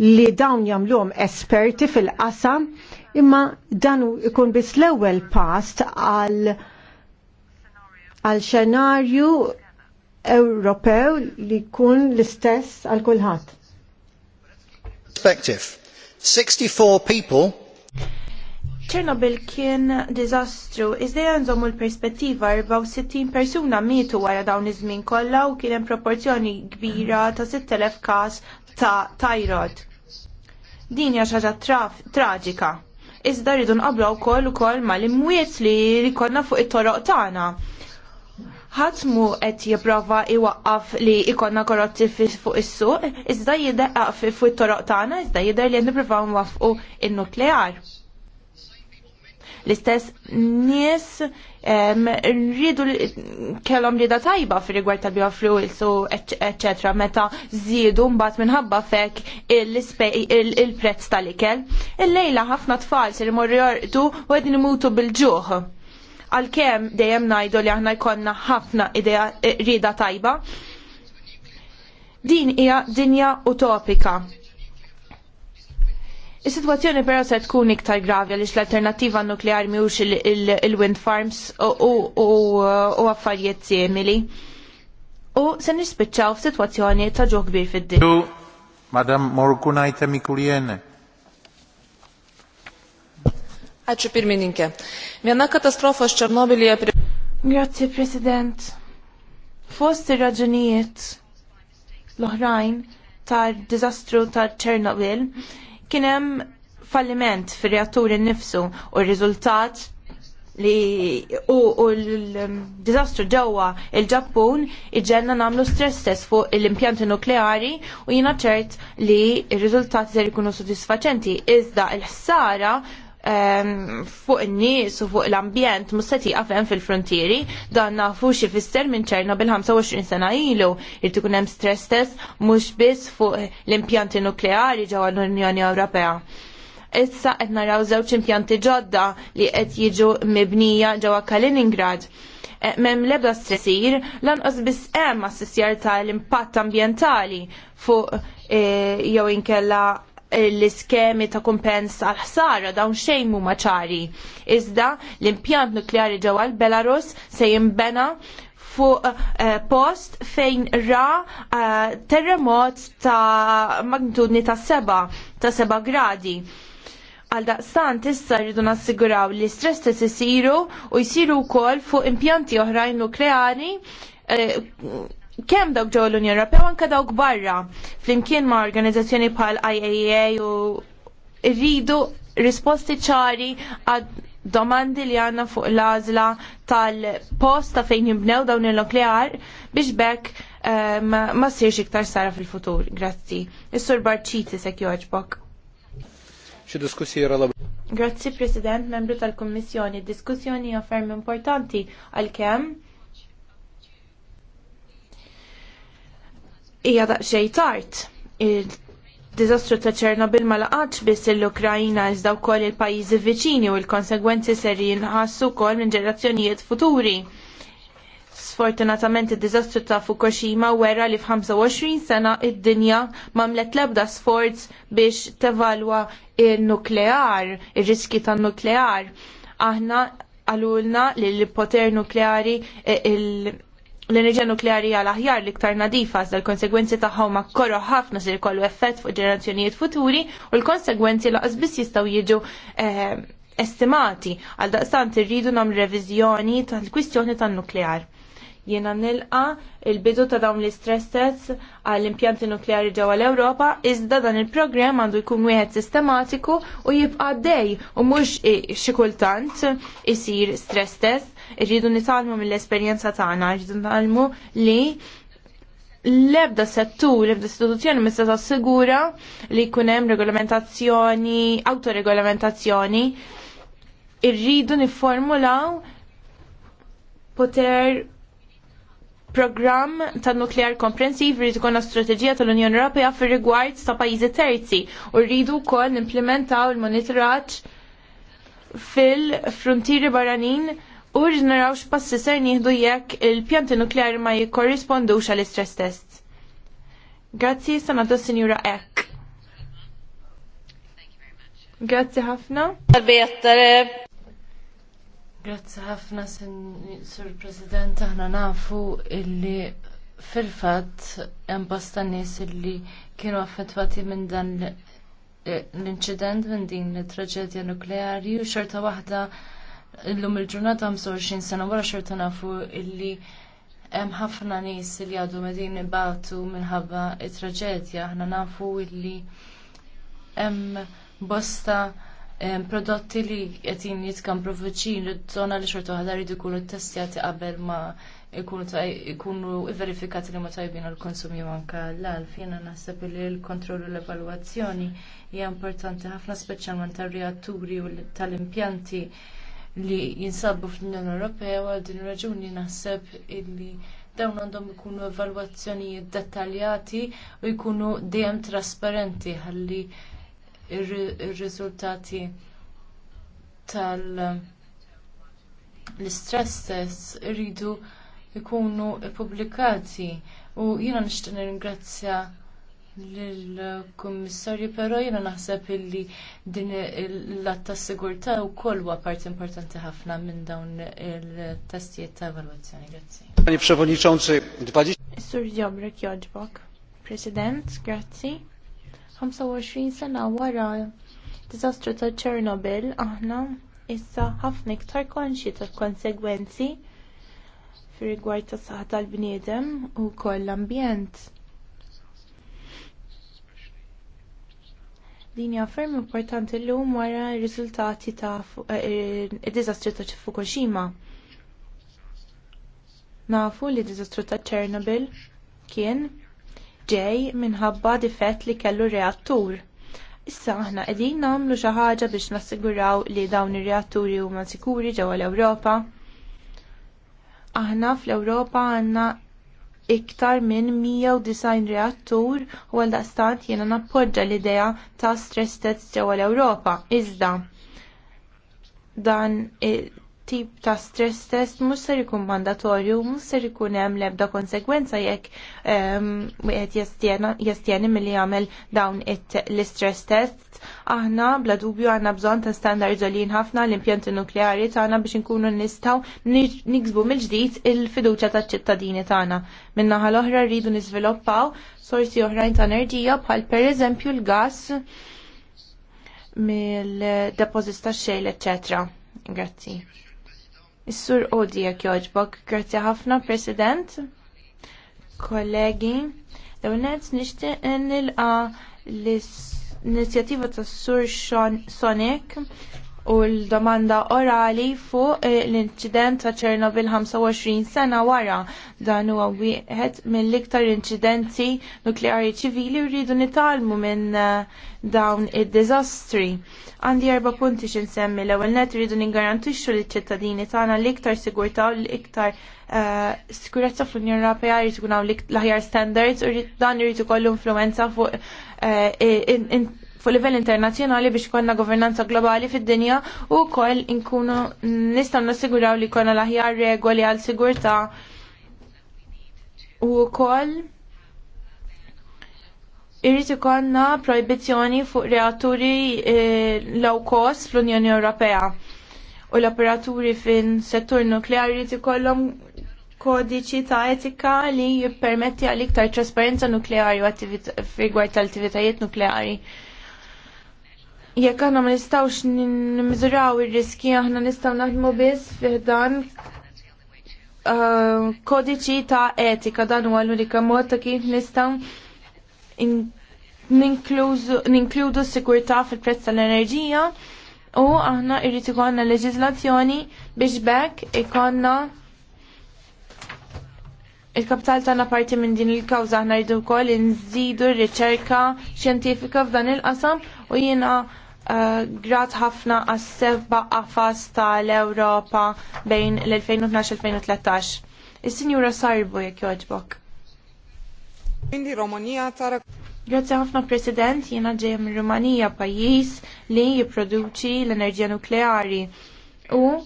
li dawn jagħmluhom esperti fil-qasam imma dan ikun biss l-ewwel pass għal għal xenarju Ewropew li jkun l-istess għal kulħadd perspective, 64 people Chernobyl kien diżastru, iżda nżommu l-perspettiva 64 persuna mietu wara dawn iż-żmien kollha u kien hemm proporzjoni kbira ta' 6000 każ ta' tajrod. Din hija xi ħaġa traġika. Iżda rridu nqablu wkoll ukoll mal-imwiet li jkollna fuq it-toroq tagħna ħatmu qed jipprova iwaqqaf li ikonna korrotti fuq is-suq, iżda jideqaq fuq it-toroq tagħna, iżda jidher li qed nippruvaw nwaffqu in-nuklear. L-istess nies rridu kellhom rida tajba fir rigward tal-biofuels u eċċetra meta żiedu mbagħad minħabba fek il-prezz tal-ikel. Illejla ħafna tfal sir imorru jorqdu u qegħdin imutu bil-ġuħ għalkemm dejjem ngħidu li aħna jkollna ħafna idea rida tajba. Din hija dinja utopika. Is-sitwazzjoni però se tkun iktar gravi għaliex l-alternattiva nukleari mhux il-wind farms u affarijiet simili. U se nispiċċaw f'sitwazzjoni ta' ġo kbir fid-din. Madam Morkunajte Mikuljene. Għadċu pirmininke. Viena katastrofa x'Ċernobilja. Grazzi President. Fost ir-raġunijiet l-oħrajn tar-diżastru tar-Ċernobil kien hemm falliment fir-reatturi nnifsu u r-riżultat li u, u l-dizastru ġewwa il-Ġappun iġenna namlu stress test fuq l-impjanti nukleari u jina ċert li r-riżultati ser ikunu sodisfaċenti iżda l-ħsara fuq in-nies u fuq l-ambjent mhux se tieqaf fil-frontieri dan nafu xi fisser minn ċerna bil 25 sena ilu irid ikun hemm stress test mhux biss fuq l-impjanti nukleari ġawa l-Unjoni Ewropea. Issa qed naraw żewġ impjanti ġodda li qed jiġu mibnija ġewwa Kaliningrad. E, Mem lebda stressir, lanqas biss hemm assistjar tal-impatt ambjentali fuq e, jew inkella l-iskemi ta' kumpens għal ħsara dawn xejn mu ċari. Iżda l-impjant nukleari ġewwa l-Belarus se jimbena fuq uh, post fejn ra uh, terremot ta' magnitudni ta' seba, ta' seba gradi. Għal daqstan tista' rridu nassiguraw li stress test isiru u jsiru wkoll fuq impjanti oħrajn nukleari uh, kemm dawk ġew l-Unjoni Ewropea anke dawk barra flimkien ma' organizzazzjoni bħal IAEA u rridu risposti ċari għad domandi li għanna fuq l-għazla tal-post ta' fejn jibnew dawn il-nuklear biex bekk ehm, ma sirx iktar sara fil-futur. Grazzi. Is-sur Barċiti sek joġbok. Grazzi President, membru tal-Kommissjoni. Diskussjoni affermi importanti għal-kem hija daqsxejn tard. Il-diżastru ta' Ċernobil ma laqatx biss l ukrajina iżda wkoll il-pajjiżi viċini u l-konsegwenzi ser jinħassu wkoll minn ġenerazzjonijiet futuri. Sfortunatament id-diżastru ta' Fukushima wera li f'25 sena id-dinja mamlet ebda sforz biex tevalwa il-nuklear, il-riski tan-nuklear. Aħna għalulna li l-poter nukleari eh, il- l-enerġija nukleari għal aħjar li ktar nadifa l konsegwenzi tagħhom ma korro ħafna se jkollu effett fuq ġenerazzjonijiet futuri u l-konsegwenzi laqas biss jistgħu jiġu eh, estimati għal daqstant irridu nagħmlu reviżjoni tal-kwistjoni tan-nuklear. Jiena nilqa il-bidu ta' dawn l-istress test għall impjanti nukleari ġewwa l-Ewropa iżda dan il-programm għandu jkun wieħed sistematiku u jibqa' dej u mhux xi kultant isir stress test Irridu nitalmu mill-esperjenza tagħna, irridu nitalmu li l-ebda settur, l-ebda istituzzjoni mista sigura li jkun hemm regolamentazzjoni, autoregolamentazzjoni, irridu nifformulaw poter program ta' nuklear komprensiv rrid ikun strateġija tal-Unjoni Ewropea fir rigward ta' pajjiżi terzi u rridu wkoll nimplementaw il-monitoraġġ fil-frontieri barranin u ġneraw x'passi ser nieħdu jekk il-pjanti nukleari ma jikkorrispondux għall istress test. Grazzi, sanatu sinjura Ek. Grazzi ħafna. Grazzi ħafna, Sur President, aħna nafu illi fil-fat hemm bosta nies illi kienu affettwati minn dan eh, l-inċident minn din it-traġedja nukleari u xorta waħda illum il-ġurnata 25 sena wara xorta nafu illi hemm ħafna nies li għadu medin ibatu minħabba it-traġedja. Aħna nafu illi hemm bosta eh, prodotti li qegħdin jitkampru viċin l-żona li xorta waħda jridu jkunu ttestjati qabel ma jkunu verifikati li ma tajbin għal konsumi jew anke l-alf. Jiena naħseb li l kontrollu u l-evalwazzjoni hija importanti ħafna speċjalment tar-reatturi u tal-impjanti li jinsabu fl-Unjoni Ewropea u għal din raġuni naħseb illi dawn għandhom ikunu evalwazzjonijiet dettaljati u jkunu dejjem trasparenti ħalli ir-riżultati tal- istress test iridu jkunu ppubblikati u jiena nixtieq nirringrazzja l-Kummissarju, però jiena naħseb illi din l-att ta' sigurtà wkoll huwa parti importanti ħafna minn dawn il-testijiet ta' evalwazzjoni. Grazzi. Przewodniczący, Sur Jobrek jogħġbok. President, grazzi. 25 sena wara diżastru ta' Ċernobil aħna issa ħafna iktar konxi tal-konsegwenzi fir rigward tas saħħa tal-bniedem u koll l-ambjent Din hija ferm importanti llum wara r-riżultati ta' id-diżastru eh, eh, ta' Fukushima. Nafu li d-diżastru ta' Chernobyl kien ġej minħabba difett li kellu reattur. Issa aħna qegħdin nagħmlu xi ħaġa biex nassiguraw li dawn ir-reatturi huma sikuri ġewwa l-Ewropa. Aħna fl-Ewropa għandna iktar minn 190 reattur u għal daqstant jiena nappoġġa l-idea ta' stress test ġewwa l-Ewropa. Iżda dan tip ta' stress test mhux ser ikun mandatorju, mhux ser ikun hemm l-ebda konsegwenza jekk ehm, wieħed um, jestjeni milli jagħmel dawn l-istress test aħna bla dubju għandna bżonn ta' standards għalin ħafna l-impjanti nukleari tagħna biex inkunu nistgħu niksbu mill-ġdid il-fiduċja taċ-ċittadini tagħna. Min-naħa l-oħra rridu niżviluppaw sorsi oħrajn ta' enerġija bħal pereżempju l-gass mill-depożits tax-xejl, eċċetera. Grazzi. Is-sur Odi jekk jogħġbok, grazzi ħafna President, kollegi, dawn nixtieq nilqa' l-is l inizjattiva tas Sur Sonic u l-domanda orali fuq eh, l-inċident ta' Chernobyl 25 sena wara dan huwa wieħed mill-iktar inċidenti nukleari ċivili u rridu nitalmu minn eh, dawn id-diżastri. Għandi erba punti x'insemmi l-ewwel net rridu ningarantixxu liċ-ċittadini tagħna l-iktar sigurtà u l-iktar eh, sikurezza fl-Unjoni Ewropea jrid ikun l-aħjar standards u dan jrid ikollu influenza fuq Fu livell internazzjonali biex konna governanza globali fid-dinja u wkoll inkunu nistgħu nassiguraw li jkollna l-aħjar regoli għal sigurtà u wkoll irrid ikollna proibizzjoni fuq reatturi eh, low cost fl-Unjoni Ewropea u l-operaturi fin settur nukleari jrid ikollhom kodiċi ta' etika li jippermetti għal iktar trasparenza nukleari u rigward tal-attivitajiet nukleari jekk aħna ma nistgħux nimmiżuraw ir-riski aħna nistgħu naħdmu biss fih dan uh, kodiċi ta' etika dan huwa l-unika mod ta' kif nistgħu ninkludu s sigurtà fil-prezz tal-enerġija u aħna irrid ikollna leġiżlazzjoni biex bekk ikollna il-kapital tagħna parti minn din il-kawża aħna rridu wkoll inżidu r-riċerka xjentifika f'dan il-qasam u jiena Eh, grat ħafna għas sebba qafas tal-Ewropa bejn l-2012-2013. Is-Sinjura Sarbu jekk joġbok. Indi Romania tara. Grazie ħafna President, jiena ġejem Romania, Rumanija, pajjiż li jipproduċi l-enerġija nukleari. U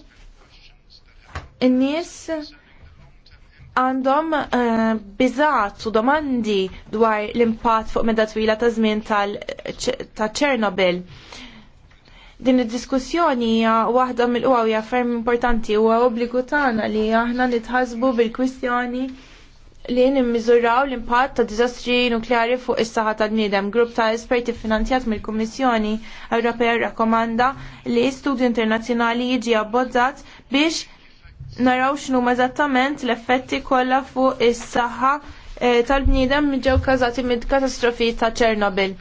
n-nies għandhom uh, eh, bizat u domandi dwar l-impatt fuq medda twila ta' żmien ta' Ċernobil. Din id-diskussjoni hija waħda mill-qwa hija ferm importanti huwa obbligu tagħna li aħna nitħasbu bil-kwistjoni li nimmiżuraw l-impatt ta' diżastri nukleari fuq is-saħħa tan-niedem. Grupp ta' esperti finanzjat mill-Kummissjoni Ewropea rrakkomanda li studju internazzjonali jiġi abbozzat biex naraw x'nu eżattament l-effetti kollha fuq is-saħħa eh, tal-bniedem ġew kazati mid katastrofi ta' Ċernobil.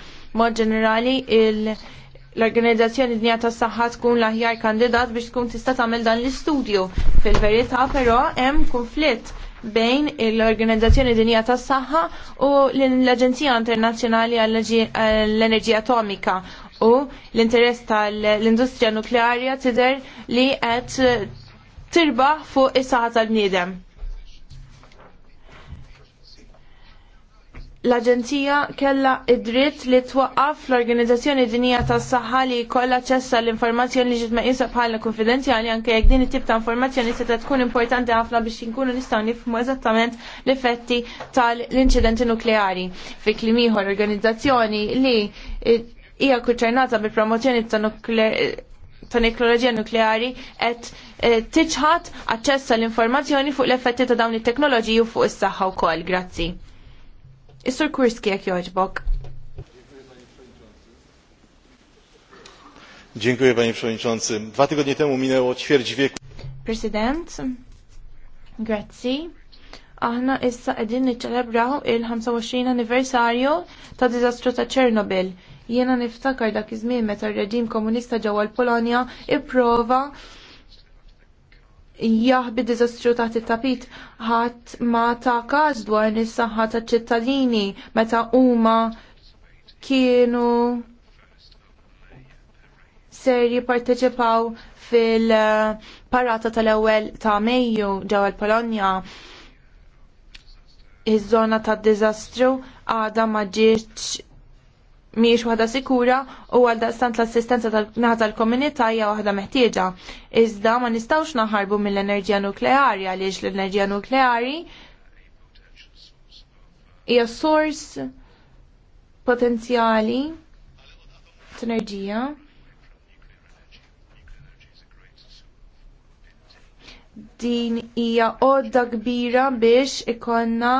Mod ġenerali il- l-Organizzazzjoni Dinja tas saħħa tkun l-aħjar kandidat biex tkun tista' tagħmel dan l-istudju. Fil-verità però hemm konflitt bejn l-Organizzazzjoni Dinja tas saħħa u l-Aġenzija Internazzjonali għall-Enerġija Atomika u l-interess tal-industrija nuklearja tidher li qed tirbaħ fuq is-saħħa tal-bniedem. l-Aġenzija kellha id-dritt li twaqqaf l-Organizzazzjoni Dinija tas-Saħħa li jkollha ċessa l-informazzjoni li ġiet meqisa bħala konfidenzjali anke jekk din it-tip ta' informazzjoni se tkun importanti ħafna biex inkunu nistgħu nifhmu eżattament l-effetti tal-inċidenti nukleari. Fi klim organizzazzjoni li hija kuċċernata bil-promozzjoni ta' teknoloġija nukleari qed eh, tiċħat aċċessa l-informazzjoni fuq l-effetti ta' dawn it-teknoloġiji fuq is-saħħa wkoll. Grazzi. Is-Sur Kurski jekk joġbok. Dziękuję panie przewodniczący. Dwa tygodnie temu minęło ćwierć wieku. President, grazzi. Aħna issa qegħdin niċċelebraw il-25 anniversarju ta' diżastru ta' Ċernobil. Jiena niftakar dak iż-żmien meta r-reġim komunista ġewwa l-Polonja ipprova jaħbi diżastru ta' tit-tapit ħadd ma ta' każ dwar is-saħħa taċ ċittadini meta huma kienu ser jipparteċipaw fil-parata tal-ewwel ta' Mejju ġewwa l-Polonja iż-żona tad-diżastru għadha ma ġietx miex waħda sikura u għalda stant l-assistenza naħa tal-komunità hija waħda meħtieġa. Iżda ma nistgħux naħarbu mill-enerġija nukleari għaliex l-enerġija nukleari hija sors potenzjali t-enerġija din hija għodda kbira biex ikonna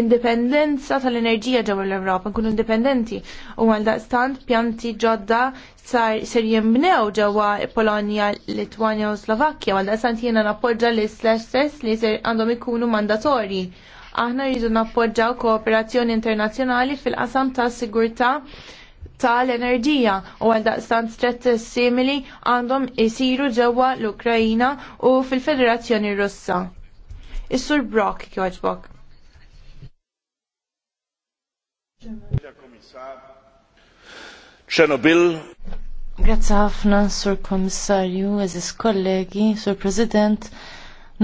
indipendenza tal-enerġija ġewwa l-Ewropa, nkunu indipendenti. U għal daqstant pjanti ġodda sar ser jimbnew ġewwa Polonja, Litwanja u Slovakkja, għal daqstant jiena nappoġġa li stess li ser għandhom ikunu mandatorji. Aħna rridu nappoġġaw kooperazzjoni internazzjonali fil-qasam ta' sigurtà tal-enerġija u għal daqstant stret simili għandhom isiru ġewwa l-Ukrajina u fil-Federazzjoni Russa. Is-Sur Brock kjoġbok. Chernobyl. Grazzi ħafna, Sur Komissarju, eżis kollegi, Sur President.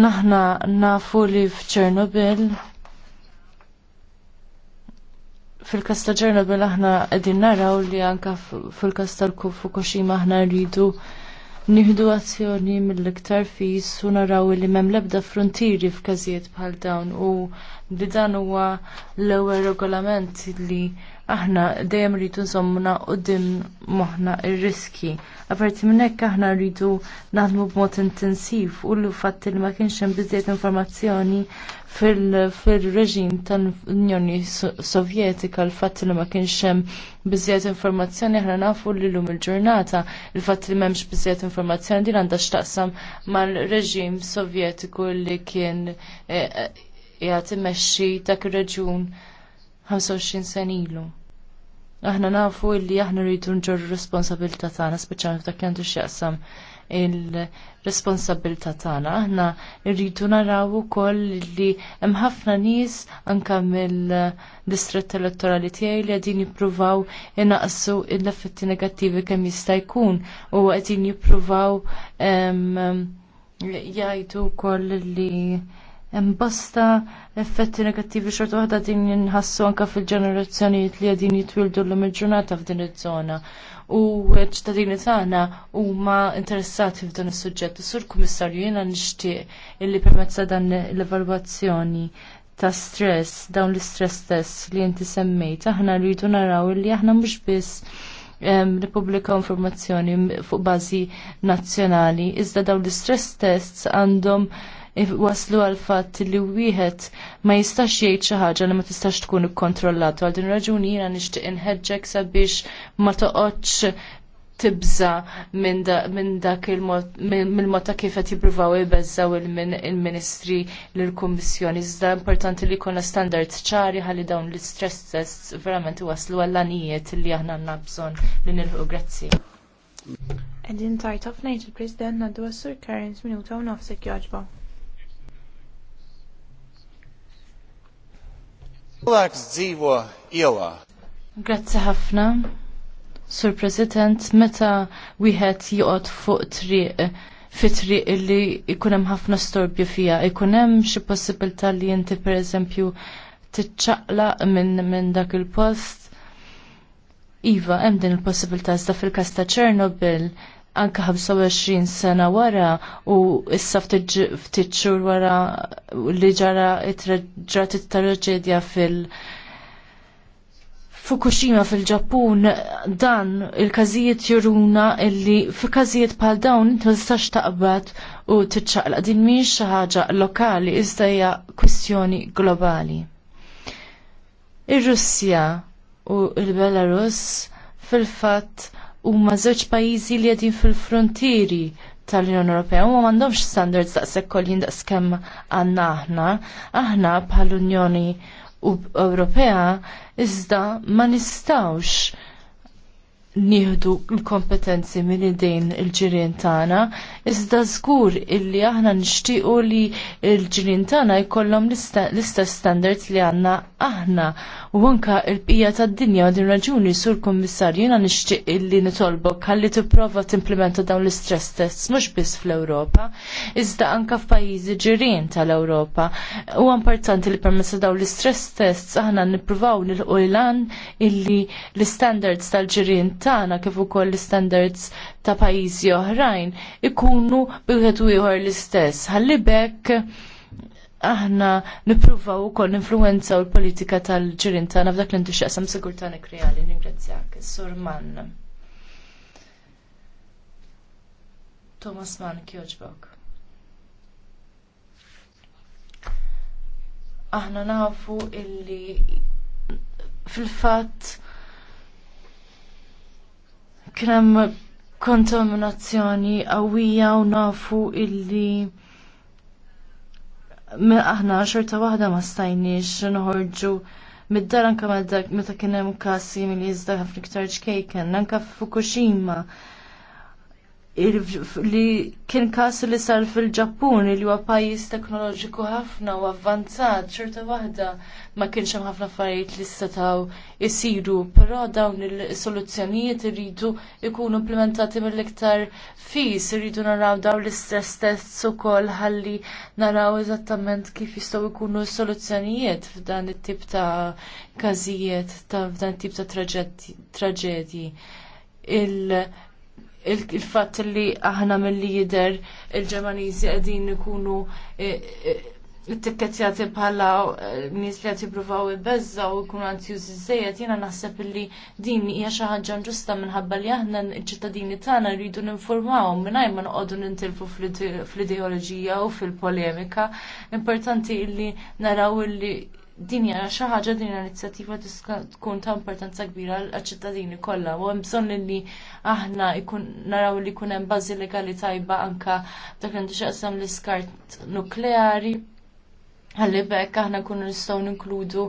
Naħna nafu li f'Chernobyl fil kasta ġerna bil aħna qegħdin naraw li anka fil-kas tal-Fukushima aħna rridu nieħdu azzjoni mill-iktar fis u naraw li m'hemm lebda frontiri frontieri f'każijiet bħal dawn u li dan huwa l-ewwel regolament li aħna dejjem rridu nżommuna qudiem moħħna ir-riski. Aparti minn hekk aħna rridu naħdmu b'mod intensiv u l-fatt li ma kienx hemm biżejjed informazzjoni fil-reġim tal-Unjoni Sovjetika l-fatt li ma kienx hemm biżejjed informazzjoni aħna nafu li lum il-ġurnata il-fatt li m'hemmx biżejjed informazzjoni din għandha x'taqsam mal-reġim Sovjetiku li kien eh, eh, jagħti imexxi dak ir-reġjun 25 sen ilu. Aħna nafu illi aħna rridu nġorru responsabilta tagħna, speċan f'dak li x'jaqsam il-responsabilta tagħna. Aħna rridu naraw ukoll li hemm ħafna nies anke mill-distrett elettorali tiegħi li qegħdin jippruvaw inaqsu l-effetti negattivi kemm jista' jkun u qegħdin jippruvaw ehm, jgħidu wkoll li hemm bosta effetti negattivi xorta waħda din jinħassu anke fil-ġenerazzjonijiet li għadin jitwildu llum il-ġurnata f'din iż-żona. U ċittadini tagħna huma interessati f'dan is-suġġett. Sur Kummissarju jiena nixtieq illi permezza dan l-evalwazzjoni ta' stress, dawn l-istress test li inti semmejt, aħna rridu naraw illi aħna mhux biss Repubblika informazzjoni fuq bażi nazzjonali, iżda dawn l-istress tests għandhom waslu għal fatt li wieħed ma jistax jgħid xi ħaġa li ma tistax tkun ikkontrollata. Għal din raġuni jiena nixtieq inħeġġek sabiex ma toqgħodx tibża minn dak il-mod ta' kif qed jippruvaw ibeżżaw il-Ministri lill-Kummissjoni. Iżda importanti li jkollna standard ċari ħalli dawn l-istress tests verament waslu għall-anijiet li aħna għandna bżonn li nilħu grazzi. Edin tajt ħafna il-President naddu għas Karens minuta u nofsek joġba. Laks dzīvo ielā. Grazzi ħafna. Sur President, meta wieħed joqgħod fuq triq fitri illi jkun hemm ħafna storbju fija, ikun hemm xi possibilità li inti pereżempju tiċċaqlaq minn min dak il-post. Iva, hemm din il-possibilità iżda fil-każ ta' Chernobyl anka 25 e sena wara u issa ftit xhur wara li ġara ġrat it-traġedja fil- Fukushima fil-Ġappun dan il-każijiet juruna illi fi kazijiet bħal dawn inti ma tistax taqbad u tiċċaqlaq din mhijiex xi ħaġa lokali iżda hija kwistjoni globali. Ir-Russja u l-Belarus fil-fatt huma żewġ pajjiżi li qegħdin fil-frontieri tal-Unjoni Ewropea u m'għandhomx standards daqshekk kollin daqskemm għandna aħna. Aħna bħal-Unjoni Ewropea iżda ma nistawx nieħdu l-kompetenzi minn idejn il-ġirien tagħna, iżda żgur illi aħna nixtiequ li l-ġirien tagħna jkollhom l-istess standards li għandna aħna u anke l-bqija tad-dinja u din raġuni sur kummissarju jiena nixtieq illi nitolbok ħalli tipprova timplementa dawn l-istress tests mhux biss fl-Ewropa, iżda anke f'pajjiżi ġirien tal-Ewropa. Huwa importanti li permezz dawn l-istress tests aħna nippruvaw nilqu il lan illi l-standards tal-ġirien tagħna kif ukoll l-standards ta' pajjiżi oħrajn ikunu bieħed ieħor l-istess. Ħalli bekk aħna nippruvaw ukoll influenza u l-politika tal-ġirin tagħna f'dak li ntixaqsam sigurtà nikrijali. Ningrazzjak, Sur Mann. Thomas Mann Kjoġbok. Aħna nafu illi fil-fatt kienem kontaminazzjoni għawija u nafu illi aħna xorta waħda ma stajniex nħorġu mid-dar anka meta kienem kas simili jizda ħafna iktar ċkejken, anka Fukushima li kien kas li sar fil-Ġappun li huwa pajjiż teknoloġiku ħafna u avvanzat xorta waħda ma kienx hemm ħafna affarijiet li setgħu jsiru, però dawn il-soluzzjonijiet iridu jkunu implementati mill-iktar fis, iridu naraw dawn l-istress tests ukoll ħalli naraw eżattament kif jistgħu jkunu s-soluzzjonijiet f'dan it-tip ta' każijiet ta' f'dan it-tip ta' traġedji. il- il-fatt li aħna mill-li jider il-Ġermaniżi qegħdin ikunu it-tikketjati eh, eh, bħala eh, nies li qed jippruvaw bezza u jkunu antjużi żejjed jiena naħseb illi din hija xi ħaġa ġusta minħabba li aħna il ċittadini tagħna rridu ninformawhom mingħajr ma noqogħdu nintilfu fl-ideoloġija u fil-polemika. Importanti li naraw li din hija xi ħaġa din l-inizjattiva tkun ta' importanza kbira għal ċittadini kollha u hemm bżonn li aħna naraw li jkun hemm bażi legali tajba anke dak li xaqsam l-iskart nukleari. Ħalli bekk aħna nkunu nistgħu ninkludu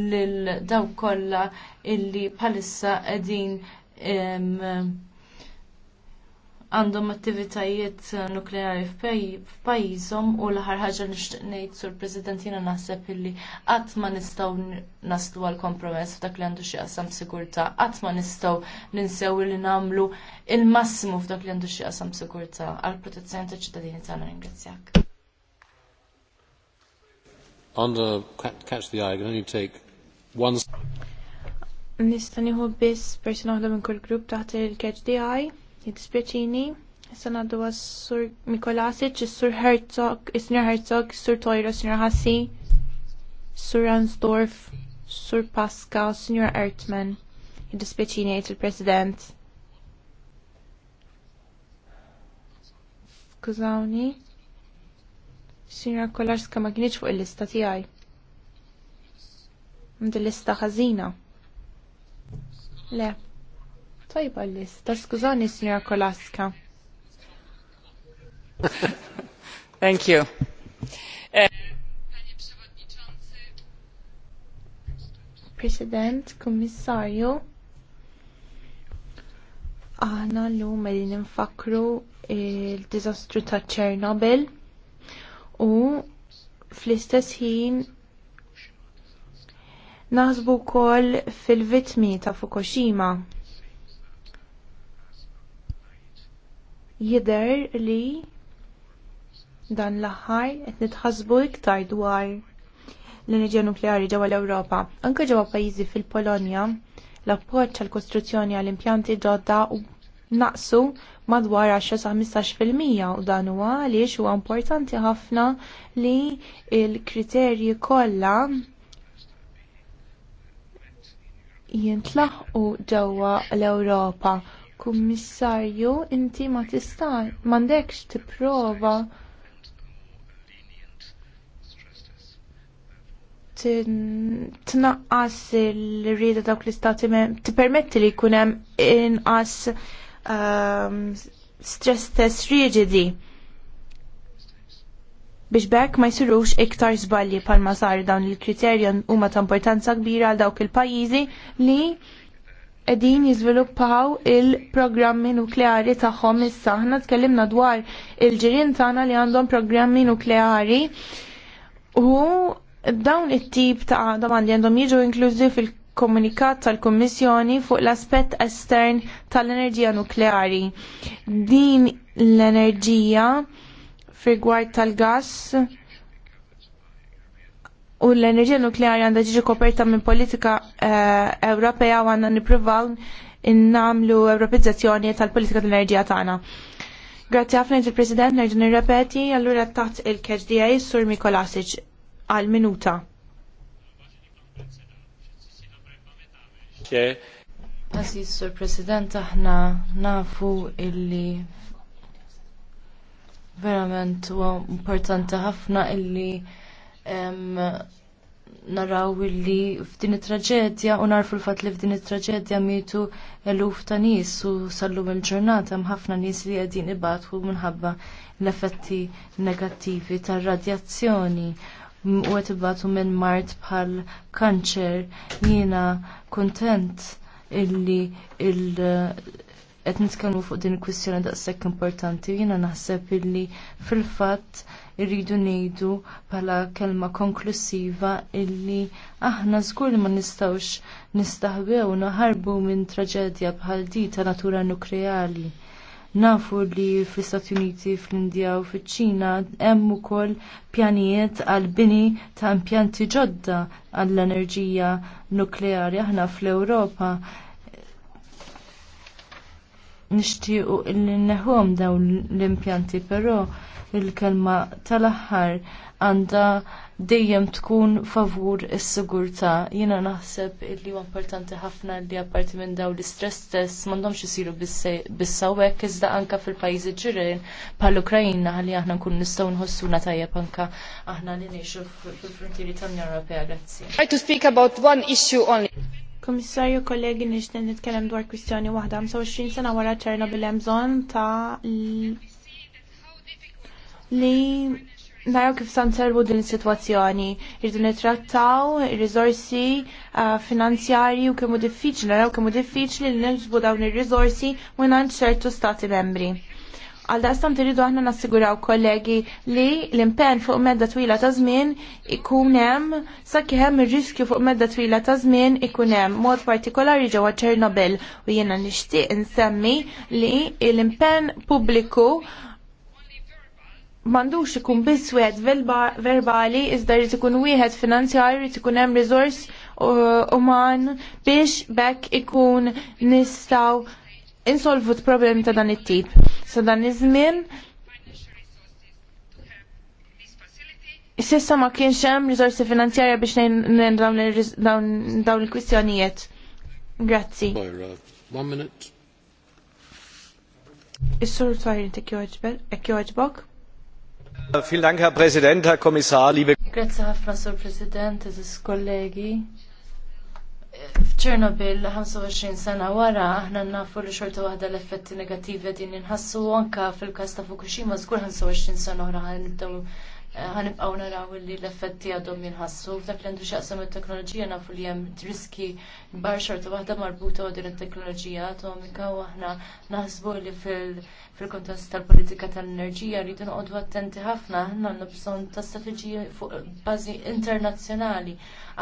lil dawk kollha illi bħalissa qegħdin għandhom attivitajiet nukleari f'pajjiżhom u l-aħħar ħaġa nixtieq ngħid sur President jiena naħseb illi qatt ma nistgħu naslu għal kompromess f'dak li għandu xi qasam sigurtà, qatt ma nistgħu ninsew li nagħmlu il-massimu f'dak li għandu xi qasam sigurtà għall protezzjoni taċ-ċittadini tagħna ringrazzjak. catch the eye, I can only take one. Nista' nieħu biss persuna waħda minn kull grupp taħt il-catch the eye. Jitspjaċini, Sena għaddu għas-sur Mikolasic, s sur Herzog, is-sur Herzog, s sur Tojra, s sur Hassi, sur Ansdorf, sur Pasca, s sur Ertman. Jitspjaċini jgħid il-President. Skużawni, Sinjora Kolarska ma kienx fuq il-lista tiegħi. Għandi lista ħażina. Le. Tajba l-lista, skużani, signora Kolaska. Thank you. Eh. President, Kummissarju, aħna l-lum għedin nfakru il-dizastru ta' Ċernobil u fl-istess ħin naħsbu kol fil-vitmi ta' Fukushima. Jidher li dan l-aħħar qed nitħasbu iktar dwar l-enerġija nukleari ġewwa l-Ewropa. Anke ġewwa pajjiżi fil-Polonja, l-appoġġ għall-kostruzzjoni għall-impjanti ġodda naqsu madwar 10 sa 15% u dan huwa għaliex huwa importanti ħafna li l-kriterji kollha jintlaħqu ġewwa l-Ewropa kummissarju, inti ma tista' m'għandekx tipprova tnaqqas il rieda dawk l-istati tippermetti li jkun hemm inqas ehm, stress test rigidi biex bekk ma jsirux iktar żbalji ma sar dawn il-kriterja huma ta' importanza kbira għal dawk il-pajjiżi li edin jizviluppaw il-programmi nukleari tagħhom issa. Aħna tkellimna dwar il-ġirien tagħna li għandhom programmi nukleari u dawn it-tip ta' domandi għandhom jiġu inklużi fil-komunikat tal-Kommissjoni fuq l-aspett estern tal-enerġija nukleari. Din l-enerġija fil tal-gas u l-enerġija nukleari għandha ġiġi koperta minn politika eh, Ewropea u għandna nippruvaw innamlu Ewropizzazzjoni tal-politika tal-enerġija tagħna. Grazzi ħafna il president nerġa' nirrepeti allura taħt il kda sur Mikolasic għal minuta. Aziz sur President aħna nafu illi verament huwa importanti ħafna illi naraw li f'din it-traġedja u narfu l-fat li f'din it-traġedja mitu eluf ta' nis u sallum il-ġurnata mħafna nies li għedin ibatħu minħabba l-effetti negattivi tar-radjazzjoni u għed ibatħu minn mart bħal kanċer jiena kontent illi il- qed nitkellmu fuq din il-kwistjoni daqshekk importanti jiena naħseb illi fil-fatt irridu ngħidu bħala kelma konklusiva illi aħna żgur li ma nistgħux nistaħbew naħarbu minn traġedja bħal di ta' natura nukleali nafu li fl-Istati Uniti, fl-Indja u fil-ċina hemm ukoll pjanijiet għal bini ta' impjanti ġodda għall-enerġija nukleari aħna fl-Ewropa nixtiequ illi neħum dawn l-impjanti, però il-kelma tal-aħħar għandha dejjem tkun favur is-sigurtà. Jiena naħseb illi huwa importanti ħafna li apparti minn dawn l-istress test m'għandhomx isiru bis hekk iżda anke fil-pajjiżi ġirien bħall ukrajina ħalli aħna nkunu nistgħu nħossuna tajjeb anke aħna li ngħixu fil-frontieri tan unjoni Ewropea. Grazzi. Try to speak about one issue only. Komissarju kollegi nixten nitkellem dwar kwistjoni waħda 25 sena wara Ċernobil bil bżonn ta' li naraw kif servu din is-sitwazzjoni. Irridu nittrattaw ir-riżorsi eh, finanzjarji u kemm diffiċli naraw kemm diffiċli li nisbu dawn ir rizorsi mingħand ċertu stati membri. Għal daqstant tiridu aħna nassiguraw kollegi li l-impen fuq medda twila ta' żmien ikun hemm hemm ir-riskju fuq medda twila ta' żmien ikun hemm mod partikolari ġewwa Ċernobil u jiena nixtieq insemmi li l-impen pubbliku mandux ikun biss wieħed verbali iżda jrid ikun wieħed finanzjarju jrid ikun hemm riżors uh, uman biex bekk ikun nistgħu insolvu problemi ta' dan it-tip. Sa dan iż-żmien Sissa ma kienx hemm riżorsi finanzjarja biex ngħin dawn dawn il-kwistjonijiet. Grazzi. One minute. Is-sur tajrin ek joġbok. Vielen Dank, Herr Präsident, Herr Kommissar, liebe Grazie, Herr Präsident, es ist Kollegi f'Ċernobil 25 sena wara aħna nafu li xorta waħda l-effetti negattivi din inħassu anka fil-każ ta' Fukushima żgur 25 sena oħra ħan nibdew ħanibqaw naraw li l-effetti għadhom jinħassu. F'dak li għandu xaqsam il-teknoloġija nafu li hemm riski barxar xorta waħda marbuta din it-teknoloġija atomika u aħna naħsbu li fil-kontest tal-politika tal-enerġija rridu noqogħdu attenti ħafna aħna għandna bżonn ta' strateġiji fuq bażi internazzjonali.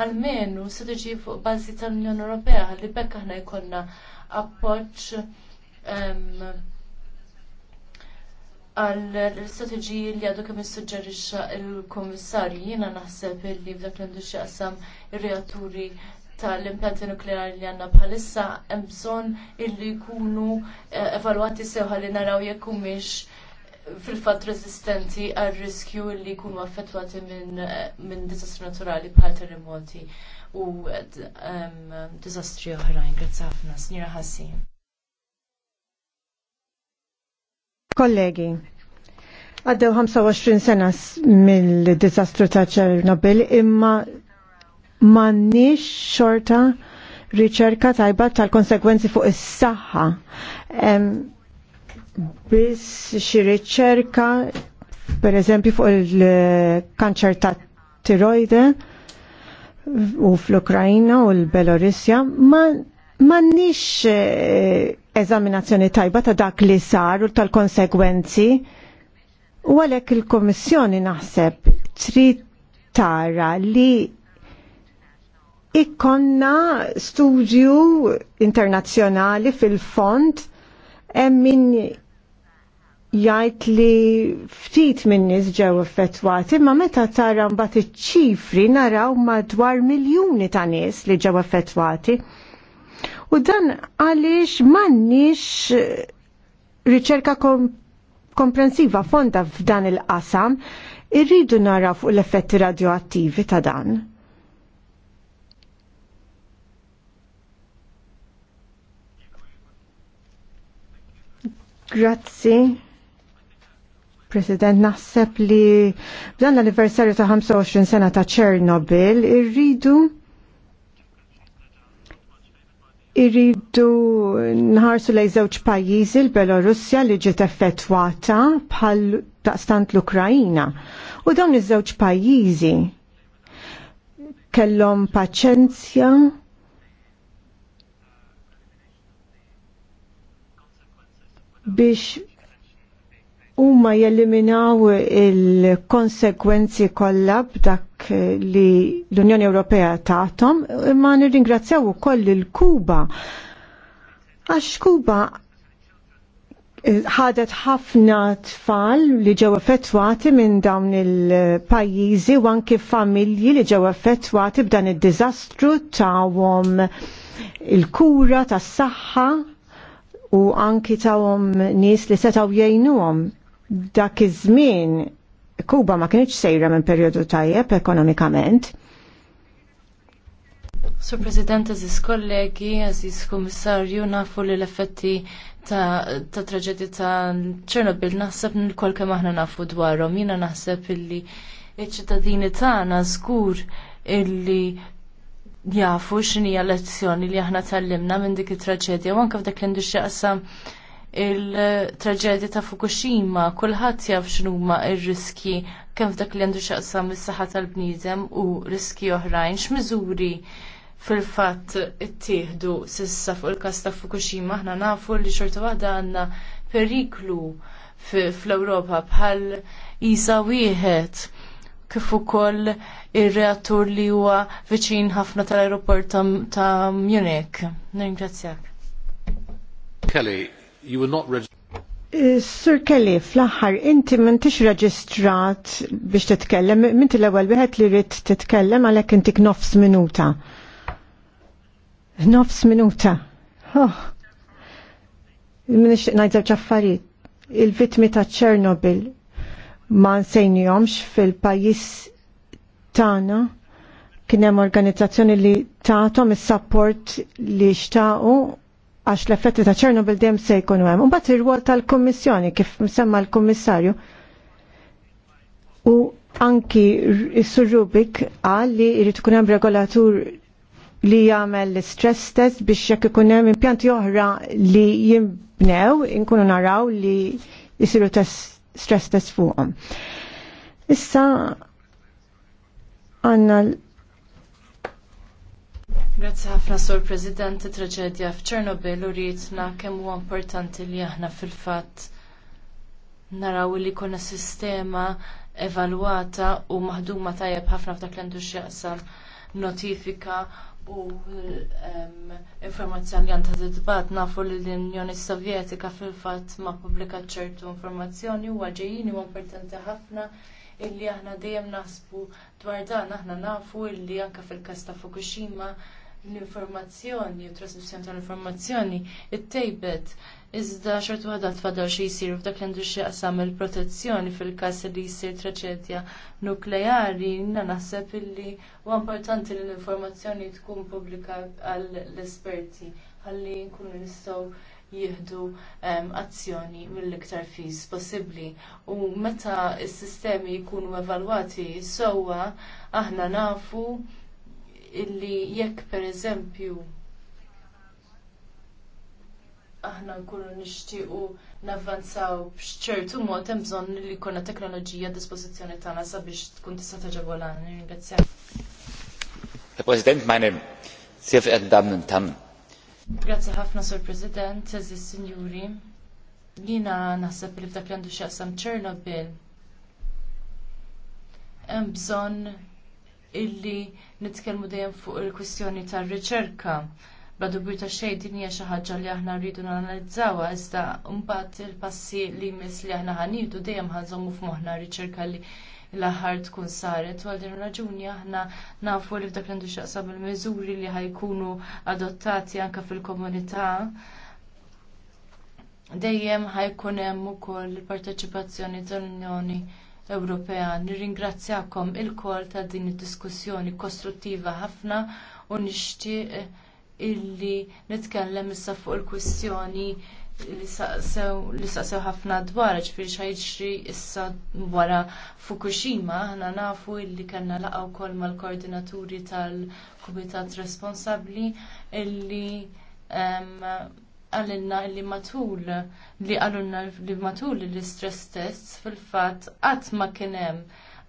Almenu strateġiji fuq bażi tal-Unjoni Ewropea li bekk aħna jkollna appoġġ ehm, l istrateġiji li għadu kemm issuġġerixxa il-Kummissarju. Jiena naħseb li f'dak l għandu qasam ir-reatturi tal-impjanti nukleari li għandna bħalissa hemm bżonn illi jkunu eh, evalwati sewħa li naraw jekk humiex fil-fatt resistenti għal riskju li jkunu affettwati minn eh, min naturali bħal terremoti u um, oħrajn. Grazzi ħafna, Snira Ħassin. Kollegi, għaddew 25 sena mill-dizastru ta' Ċernobil imma mannix xorta riċerka tajba tal-konsekwenzi fuq is-saħħa. Biss xi riċerka per eżempju fuq il-kanċer ta' tiroide u fl-Ukrajna u l-Belorussja ma eżaminazzjoni tajba ta' dak li sar u tal-konsegwenzi u għalhekk il komissjoni naħseb trid tara li ikkonna studju internazzjonali fil-fond hemm min jgħid li ftit minn nies ġew effettwati, ma meta tara mbagħad iċ-ċifri naraw madwar miljuni ta' nies li ġew effettwati. U dan għaliex m'għandniex eh, riċerka komprensiva fonda f'dan il-qasam, irridu naraw fuq l-effetti radioattivi ta' dan. Grazzi. President, naħseb li b'dan l-anniversarju ta' 25 sena ta' Chernobyl irridu irridu nħarsu lej żewġ pajjiżi l-Belorussja li ġiet effettwata bħal daqstant l-Ukrajina. U dawn iż-żewġ pajjiżi kellhom paċenzja biex huma jeliminaw il-konsekwenzi kollha b'dak li l-Unjoni Ewropea tagħhom, imma nirringrazzjaw ukoll il-Kuba għax Kuba eh, ħadet ħafna tfal li ġew effettwati minn dawn il-pajjiżi u anke familji li ġew effettwati b'dan id-diżastru tawhom il-kura tas-saħħa u anki tawhom nies li setgħu jgħinuhom dak iż-żmien Kuba ma kienx sejra minn perjodu tajjeb ekonomikament. Sur President, aziz kollegi, aziz komissarju, nafu li l-effetti ta', ta traġedja ta' Ċernobil naħseb nil-kol kem aħna nafu dwarhom. Jina naħseb illi iċ-ċittadini tagħna żgur illi jafu x'inhi lezzjoni li aħna tallimna minn dik it-traġedja u anke f'dak l-indixxi qassam il-traġedja ta' Fukushima, kulħadd jaf x'numa r-riski kemm f'dak li għandu x'aqsam is-saħħa tal-bniedem u riski oħrajn, x'miżuri fil-fatt ittieħdu sissa fuq il-każ ta' Fukushima, aħna nafu li xorta waħda għandna periklu fl-Ewropa bħal isa wieħed kif ukoll ir-reattur li huwa viċin ħafna tal-aeroport ta' Munich. Ningrazzjak. Kelly, you were not registered. Eh, Sir Kelly, fl-aħħar inti m'intix reġistrat biex titkellem, minti l-ewwel wieħed li rrid titkellem għalhekk intik nofs minuta. Nofs minuta. Oh. Minix ngħid żewġ affarijiet. Il-vitmi ta' Ċernobil ma nsejnihomx fil-pajjiż tagħna kien hemm organizzazzjoni li tagħtom is-support li xtaqu għax l-effetti ta' Ċernobil dem se jkunu hemm. Imbagħad ir-rwol tal-Kummissjoni kif semma l-Kummissarju. U anki s-Sur Rubik qal li jrid ikun hemm regolatur li jagħmel stress test biex jekk ikun hemm impjanti oħra li jinbnew inkunu naraw li jisiru test stress test fuqhom. Issa għandna Grazzi ħafna Sur President, traġedja f'Ċernobil u rritna kemm huwa importanti li aħna fil-fatt naraw li kuna sistema evalwata u maħduma tajjeb ħafna f'dak li għandu x'jaqsam notifika u ehm, informazzjoni li għandha titbat nafu li l-Unjoni Sovjetika fil-fatt ma pubblika ċertu informazzjoni u għagġejini u importanti ħafna illi aħna dejjem naħsbu dwar dan aħna nafu illi anke fil-każ ta' Fukushima l-informazzjoni u trasmissjoni tal-informazzjoni it-tejbet iżda xortu għadha tfadal xi jsir f'dak li għandu xi qasam il-protezzjoni fil-każ li jsir traċedja nukleari na naħseb illi huwa importanti li l-informazzjoni tkun pubblika għall-esperti ħalli nkunu nistgħu jieħdu ehm, azzjoni mill-iktar fis possibbli. U meta s-sistemi jkunu evalwati sewwa aħna nafu illi jekk pereżempju aħna nkunu nixtiequ navvanzaw b'ċertu mod hemm bżonn li jkollna teknoloġija d dispożizzjoni tagħna sabiex tkun tista' taġavolan. Ringrazzjak. Herr Präsident, meine sehr verehrten Damen und Herren. Grazie ħafna, Sur President, eżis Sinjuri. Lina naħseb li f'dak li għandu xaqsam Chernobyl. Hemm bżonn illi nitkellmu dejjem fuq il-kwistjoni tar-riċerka. Bla dubju ta' xejn din hija xi ħaġa li aħna rridu nanalizzawha iżda mbagħad il-passi li jmiss li aħna ħanidu dejjem ħanżommu f'moħħna riċerka li l-aħħar tkun saret u għal din raġuni aħna nafu li f'dak l għandu xaqsam il-miżuri li ħajkunu adottati anke fil-komunità dejjem ħajkun hemm ukoll il-parteċipazzjoni tal-Unjoni Ewropea. Nirringrazzjakom ilkoll ta' din id-diskussjoni kostruttiva ħafna u nixtieq eh, illi nitkellem issa fuq il-kwistjoni li saqsew ħafna dwar ġifieri xajġri issa wara Fukushima aħna nafu illi kellna laqgħu wkoll mal-koordinaturi tal-kumitat responsabbli illi għalilna li matul li għalunna li matul li stress tests fil-fat qatt ma kien hemm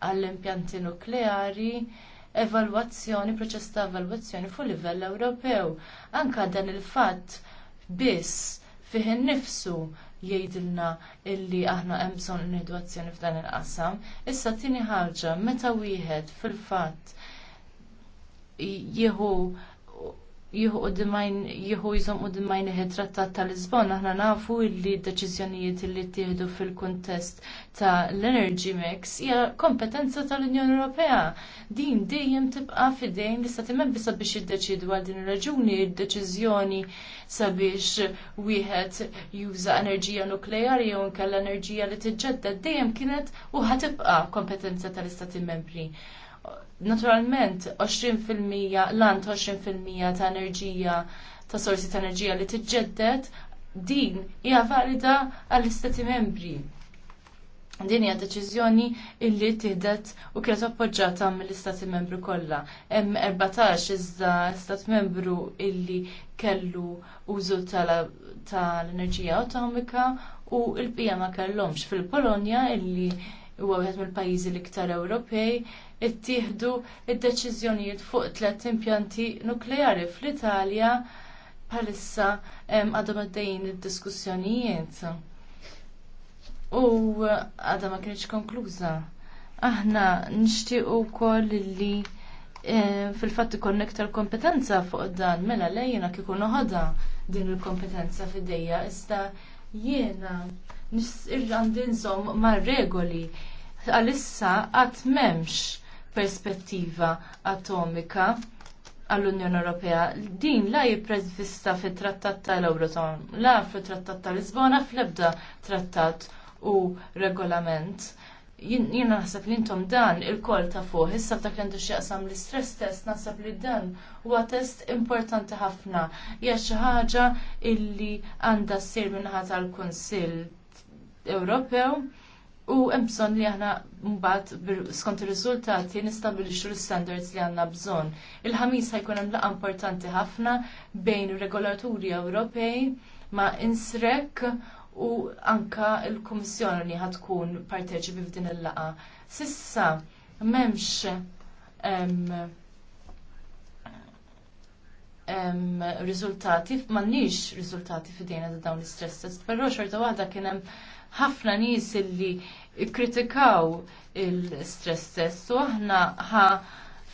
għall-impjanti nukleari evalwazzjoni, proċess ta' evalwazzjoni fuq livell Ewropew. Anka dan il-fatt biss fih innifsu jgħidilna illi aħna hemm bżonn edwazzjoni f'dan il-qasam. Issa tini ħaġa meta wieħed fil-fatt jieħu jieħu jieħu jizom u dimajn trattat tal-Lisbon, aħna nafu li d deċiżjonijiet li ttieħdu fil-kuntest ta' l-Energy Mix hija kompetenza tal-Unjoni Ewropea. Din dejjem tibqa' fidejn l-istati membri sabiex jiddeċidu għal din ir-raġuni d-deċiżjoni sabiex wieħed juża enerġija nukleari jew inkella enerġija li tiġġedda dejjem kienet u ħatibqa' kompetenza tal-istati membri. Naturalment, 20% lant 20% ta' enerġija ta' sorsi ta' enerġija li tiġġedded din hija valida għall-istati membri. Din hija deċiżjoni illi tieħdet u kienet appoġġjata mill-Istati Membru kollha. Hemm 14 iżda Stat Membru illi kellu użu tal-enerġija atomika u l-bqija ma kellhomx fil-Polonja illi huwa wieħed mill-pajjiżi l-iktar Ewropej ittieħdu id-deċiżjonijiet fuq tliet impjanti nukleari fl-Italja bħalissa għadhom għaddejjin id-diskussjonijiet. U għadha ma kienx konkluża. Aħna nixtiequ wkoll li fil-fatt ikun iktar kompetenza fuq dan mela lejjina kieku noħodha din il-kompetenza fidejja iżda jiena għandi nżomm mar regoli għalissa qatt m'hemmx perspettiva atomika għall-Unjoni Ewropea. Din la jipprevista fit-trattat tal euroton la fit-trattat tal-Lisbona, fl-ebda trattat u regolament jien naħseb li intom dan il koll ta' fuq, issa f'dak li għandu xieqsam l-istress test, naħseb li dan huwa test importanti ħafna. Hija xi ħaġa illi għandha ssir minħata tal kunsill Ewropew U hemm bżonn li aħna mbagħad skont ir-riżultati nistabbilixxu l-standards li għandna bżonn. Il-ħamis ħajkun hemm laqgħa importanti ħafna bejn ir-regolaturi Ewropej ma' insrek u anka l-Kummissjoni li ħatkun parteċipi f'din il laqgħa Sissa m'hemmx riżultati, m'għandniex riżultati f'dejna ta' dawn l-istress test, però xorta waħda kien hemm ħafna nies illi ikkritikaw il-stress test u aħna ħa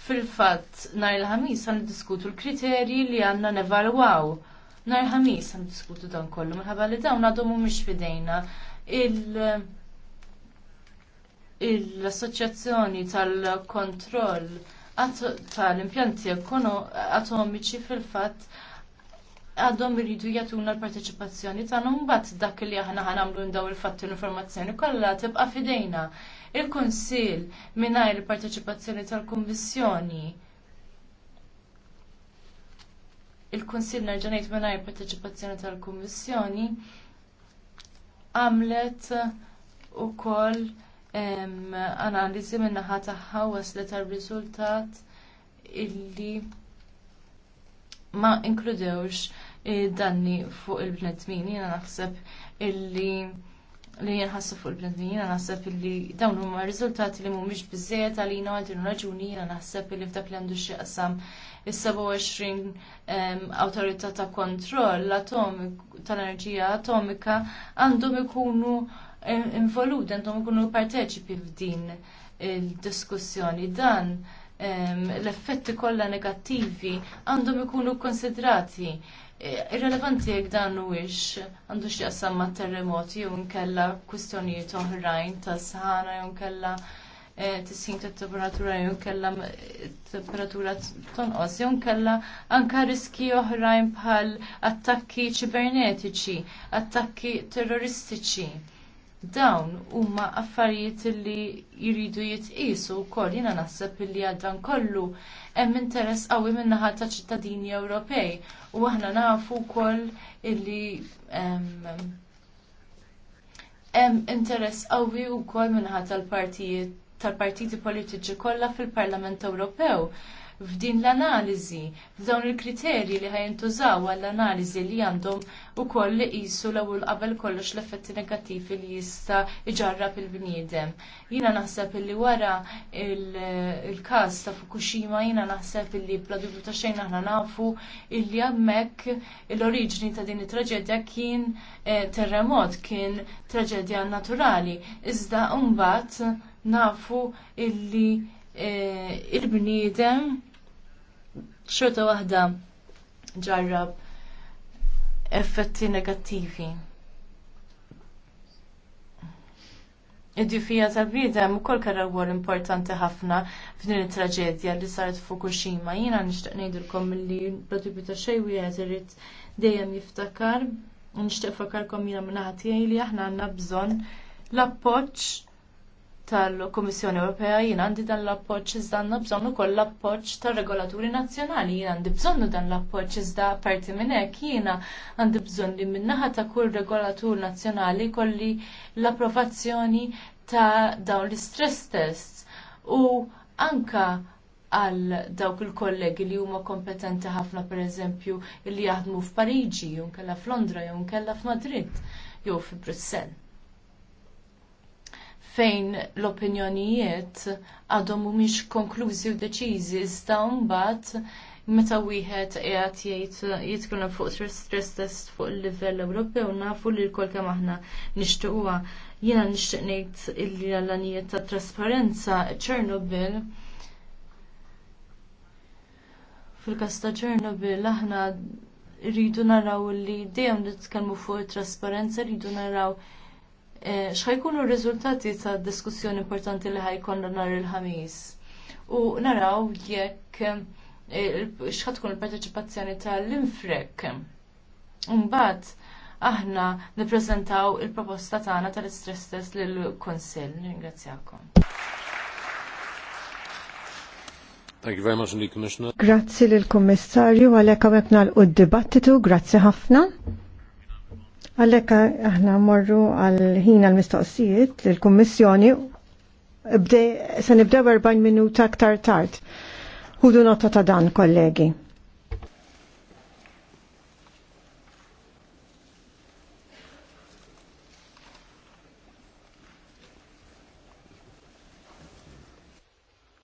fil-fatt nhar il-ħamis għan diskutu l-kriterji li għandna nevalwaw. Nhar il-ħamis għan diskutu dan kollu, minħabba li dawn għadhom mhumiex fidejna l-assoċjazzjoni tal-kontroll tal-impjanti atomiċi fil-fatt għadhom iridu jagħtuna l-parteċipazzjoni tagħhom mbagħad dak li aħna ħanlu ndaw il-fatt l-informazzjoni kollha tibqa' fidejna. Il-Kunsill mingħajr il-parteċipazzjoni tal-Kummissjoni il-Kunsill nerġa' ngħid mingħajr parteċipazzjoni tal-Kummissjoni għamlet ukoll analiżi min-naħa tagħha waslet għar-riżultat illi ma inkludewx danni fuq il-bnedmin. Jiena naħseb illi li jenħassu fuq il-bnedmin, jiena naħseb illi dawn huma riżultati li mhumiex biżejjed għalina għal din raġuni jiena naħseb illi f'dak li għandu xi qasam is-27 awtorità ta' kontroll tal-enerġija atomika għandhom ikunu involuti, għandhom ikunu parteċipi f'din il-diskussjoni. Dan l-effetti kollha negattivi għandhom ikunu konsidrati Eh, irrelevanti jek dan u ix għandu xieqsam ma' terremoti u nkella kwistjonijiet oħrajn ta' sħana u nkella eh, tisħin ta' temperatura u nkella eh, temperatura tonqos u nkella anka riski oħrajn bħal attakki ċibernetiċi, attakki terroristiċi dawn huma affarijiet li jridu jitqisu wkoll jiena naħseb li għaddan kollu hemm interess qawwi min-naħa ta' ċittadini Ewropej u aħna nafu wkoll illi hemm interess qawwi wkoll min-naħa tal-partijiet tal-partiti politiċi kollha fil-Parlament Ewropew f'din l-analiżi, f'dawn il-kriterji li ħajintużaw għall-analiżi li għandhom ukoll li qisu l-ewwel qabel kollox l-effetti negattivi li jista' iġarrab il-bniedem. Jiena naħseb li wara il-każ ta' Fukushima jiena naħseb li bla dubju ta' xejn aħna nafu illi hemmhekk l-oriġini ta' din it-traġedja kien eh, terremot, kien traġedja naturali. Iżda mbagħad nafu illi eh, il-bniedem xorta waħda ġarrab effetti negattivi. Id-difija tal vida hemm ukoll kara rwol importanti ħafna f'din it-traġedja li saret Fukushima. Jiena nixtieq ngħidilkom milli l-produbi ta' xej u jgħazirit dejjem jiftakar, nixtieq fakarkom jina minnaħat tiegħi li aħna għandna bżonn l appoċ tal-Komissjoni Ewropea jien għandi dan l-appoġġ iżda għandna bżonn ukoll l-appoġġ tar-regolaturi nazzjonali, jien għandi bżonnu dan l-appoġġ iżda parti minn hekk jiena għandi bżonn li minnaħa ta' kull regolatur nazzjonali kolli l-approvazzjoni ta' dawn l-istress tests u anka għal dawk il-kollegi li huma kompetenti ħafna pereżempju li jaħdmu f'Pariġi, jew nkella f'Londra, jew nkella f'Madrid, jew f'Brussell. Brussell fejn l-opinjonijiet għadhom mhumiex konklużi u deċiżi iżda mbagħad meta wieħed qiegħed jgħid jitkellem fuq stress test fuq il-livell Ewropew nafu li l-kol kemm aħna nixtiequha. Jiena nixtieq ngħid illi għall-anijiet ta' trasparenza Chernobyl fil-każ ta' Chernobyl aħna rridu naraw li dejjem nitkellmu fuq it trasparenza, rridu naraw Eh, xħajkunu r-riżultati ta' diskussjoni importanti li ħajkonna nar il-ħamis. U naraw jekk eh, xħatkun il-parteċipazzjoni tal-infrek. Mbagħad aħna nippreżentaw il-proposta tagħna tal-istress test lill-Kunsill. Ringrazzjakom. Thank you very much Commissioner. Grazzi lill kummissarju għalhekk hawnhekk nagħlqu d-dibattitu, grazzi ħafna. Għalek aħna morru għal ħin għal mistoqsijiet l-Kommissjoni se nibdew 40 minuta aktar tard. Hudu nota ta' dan, kollegi.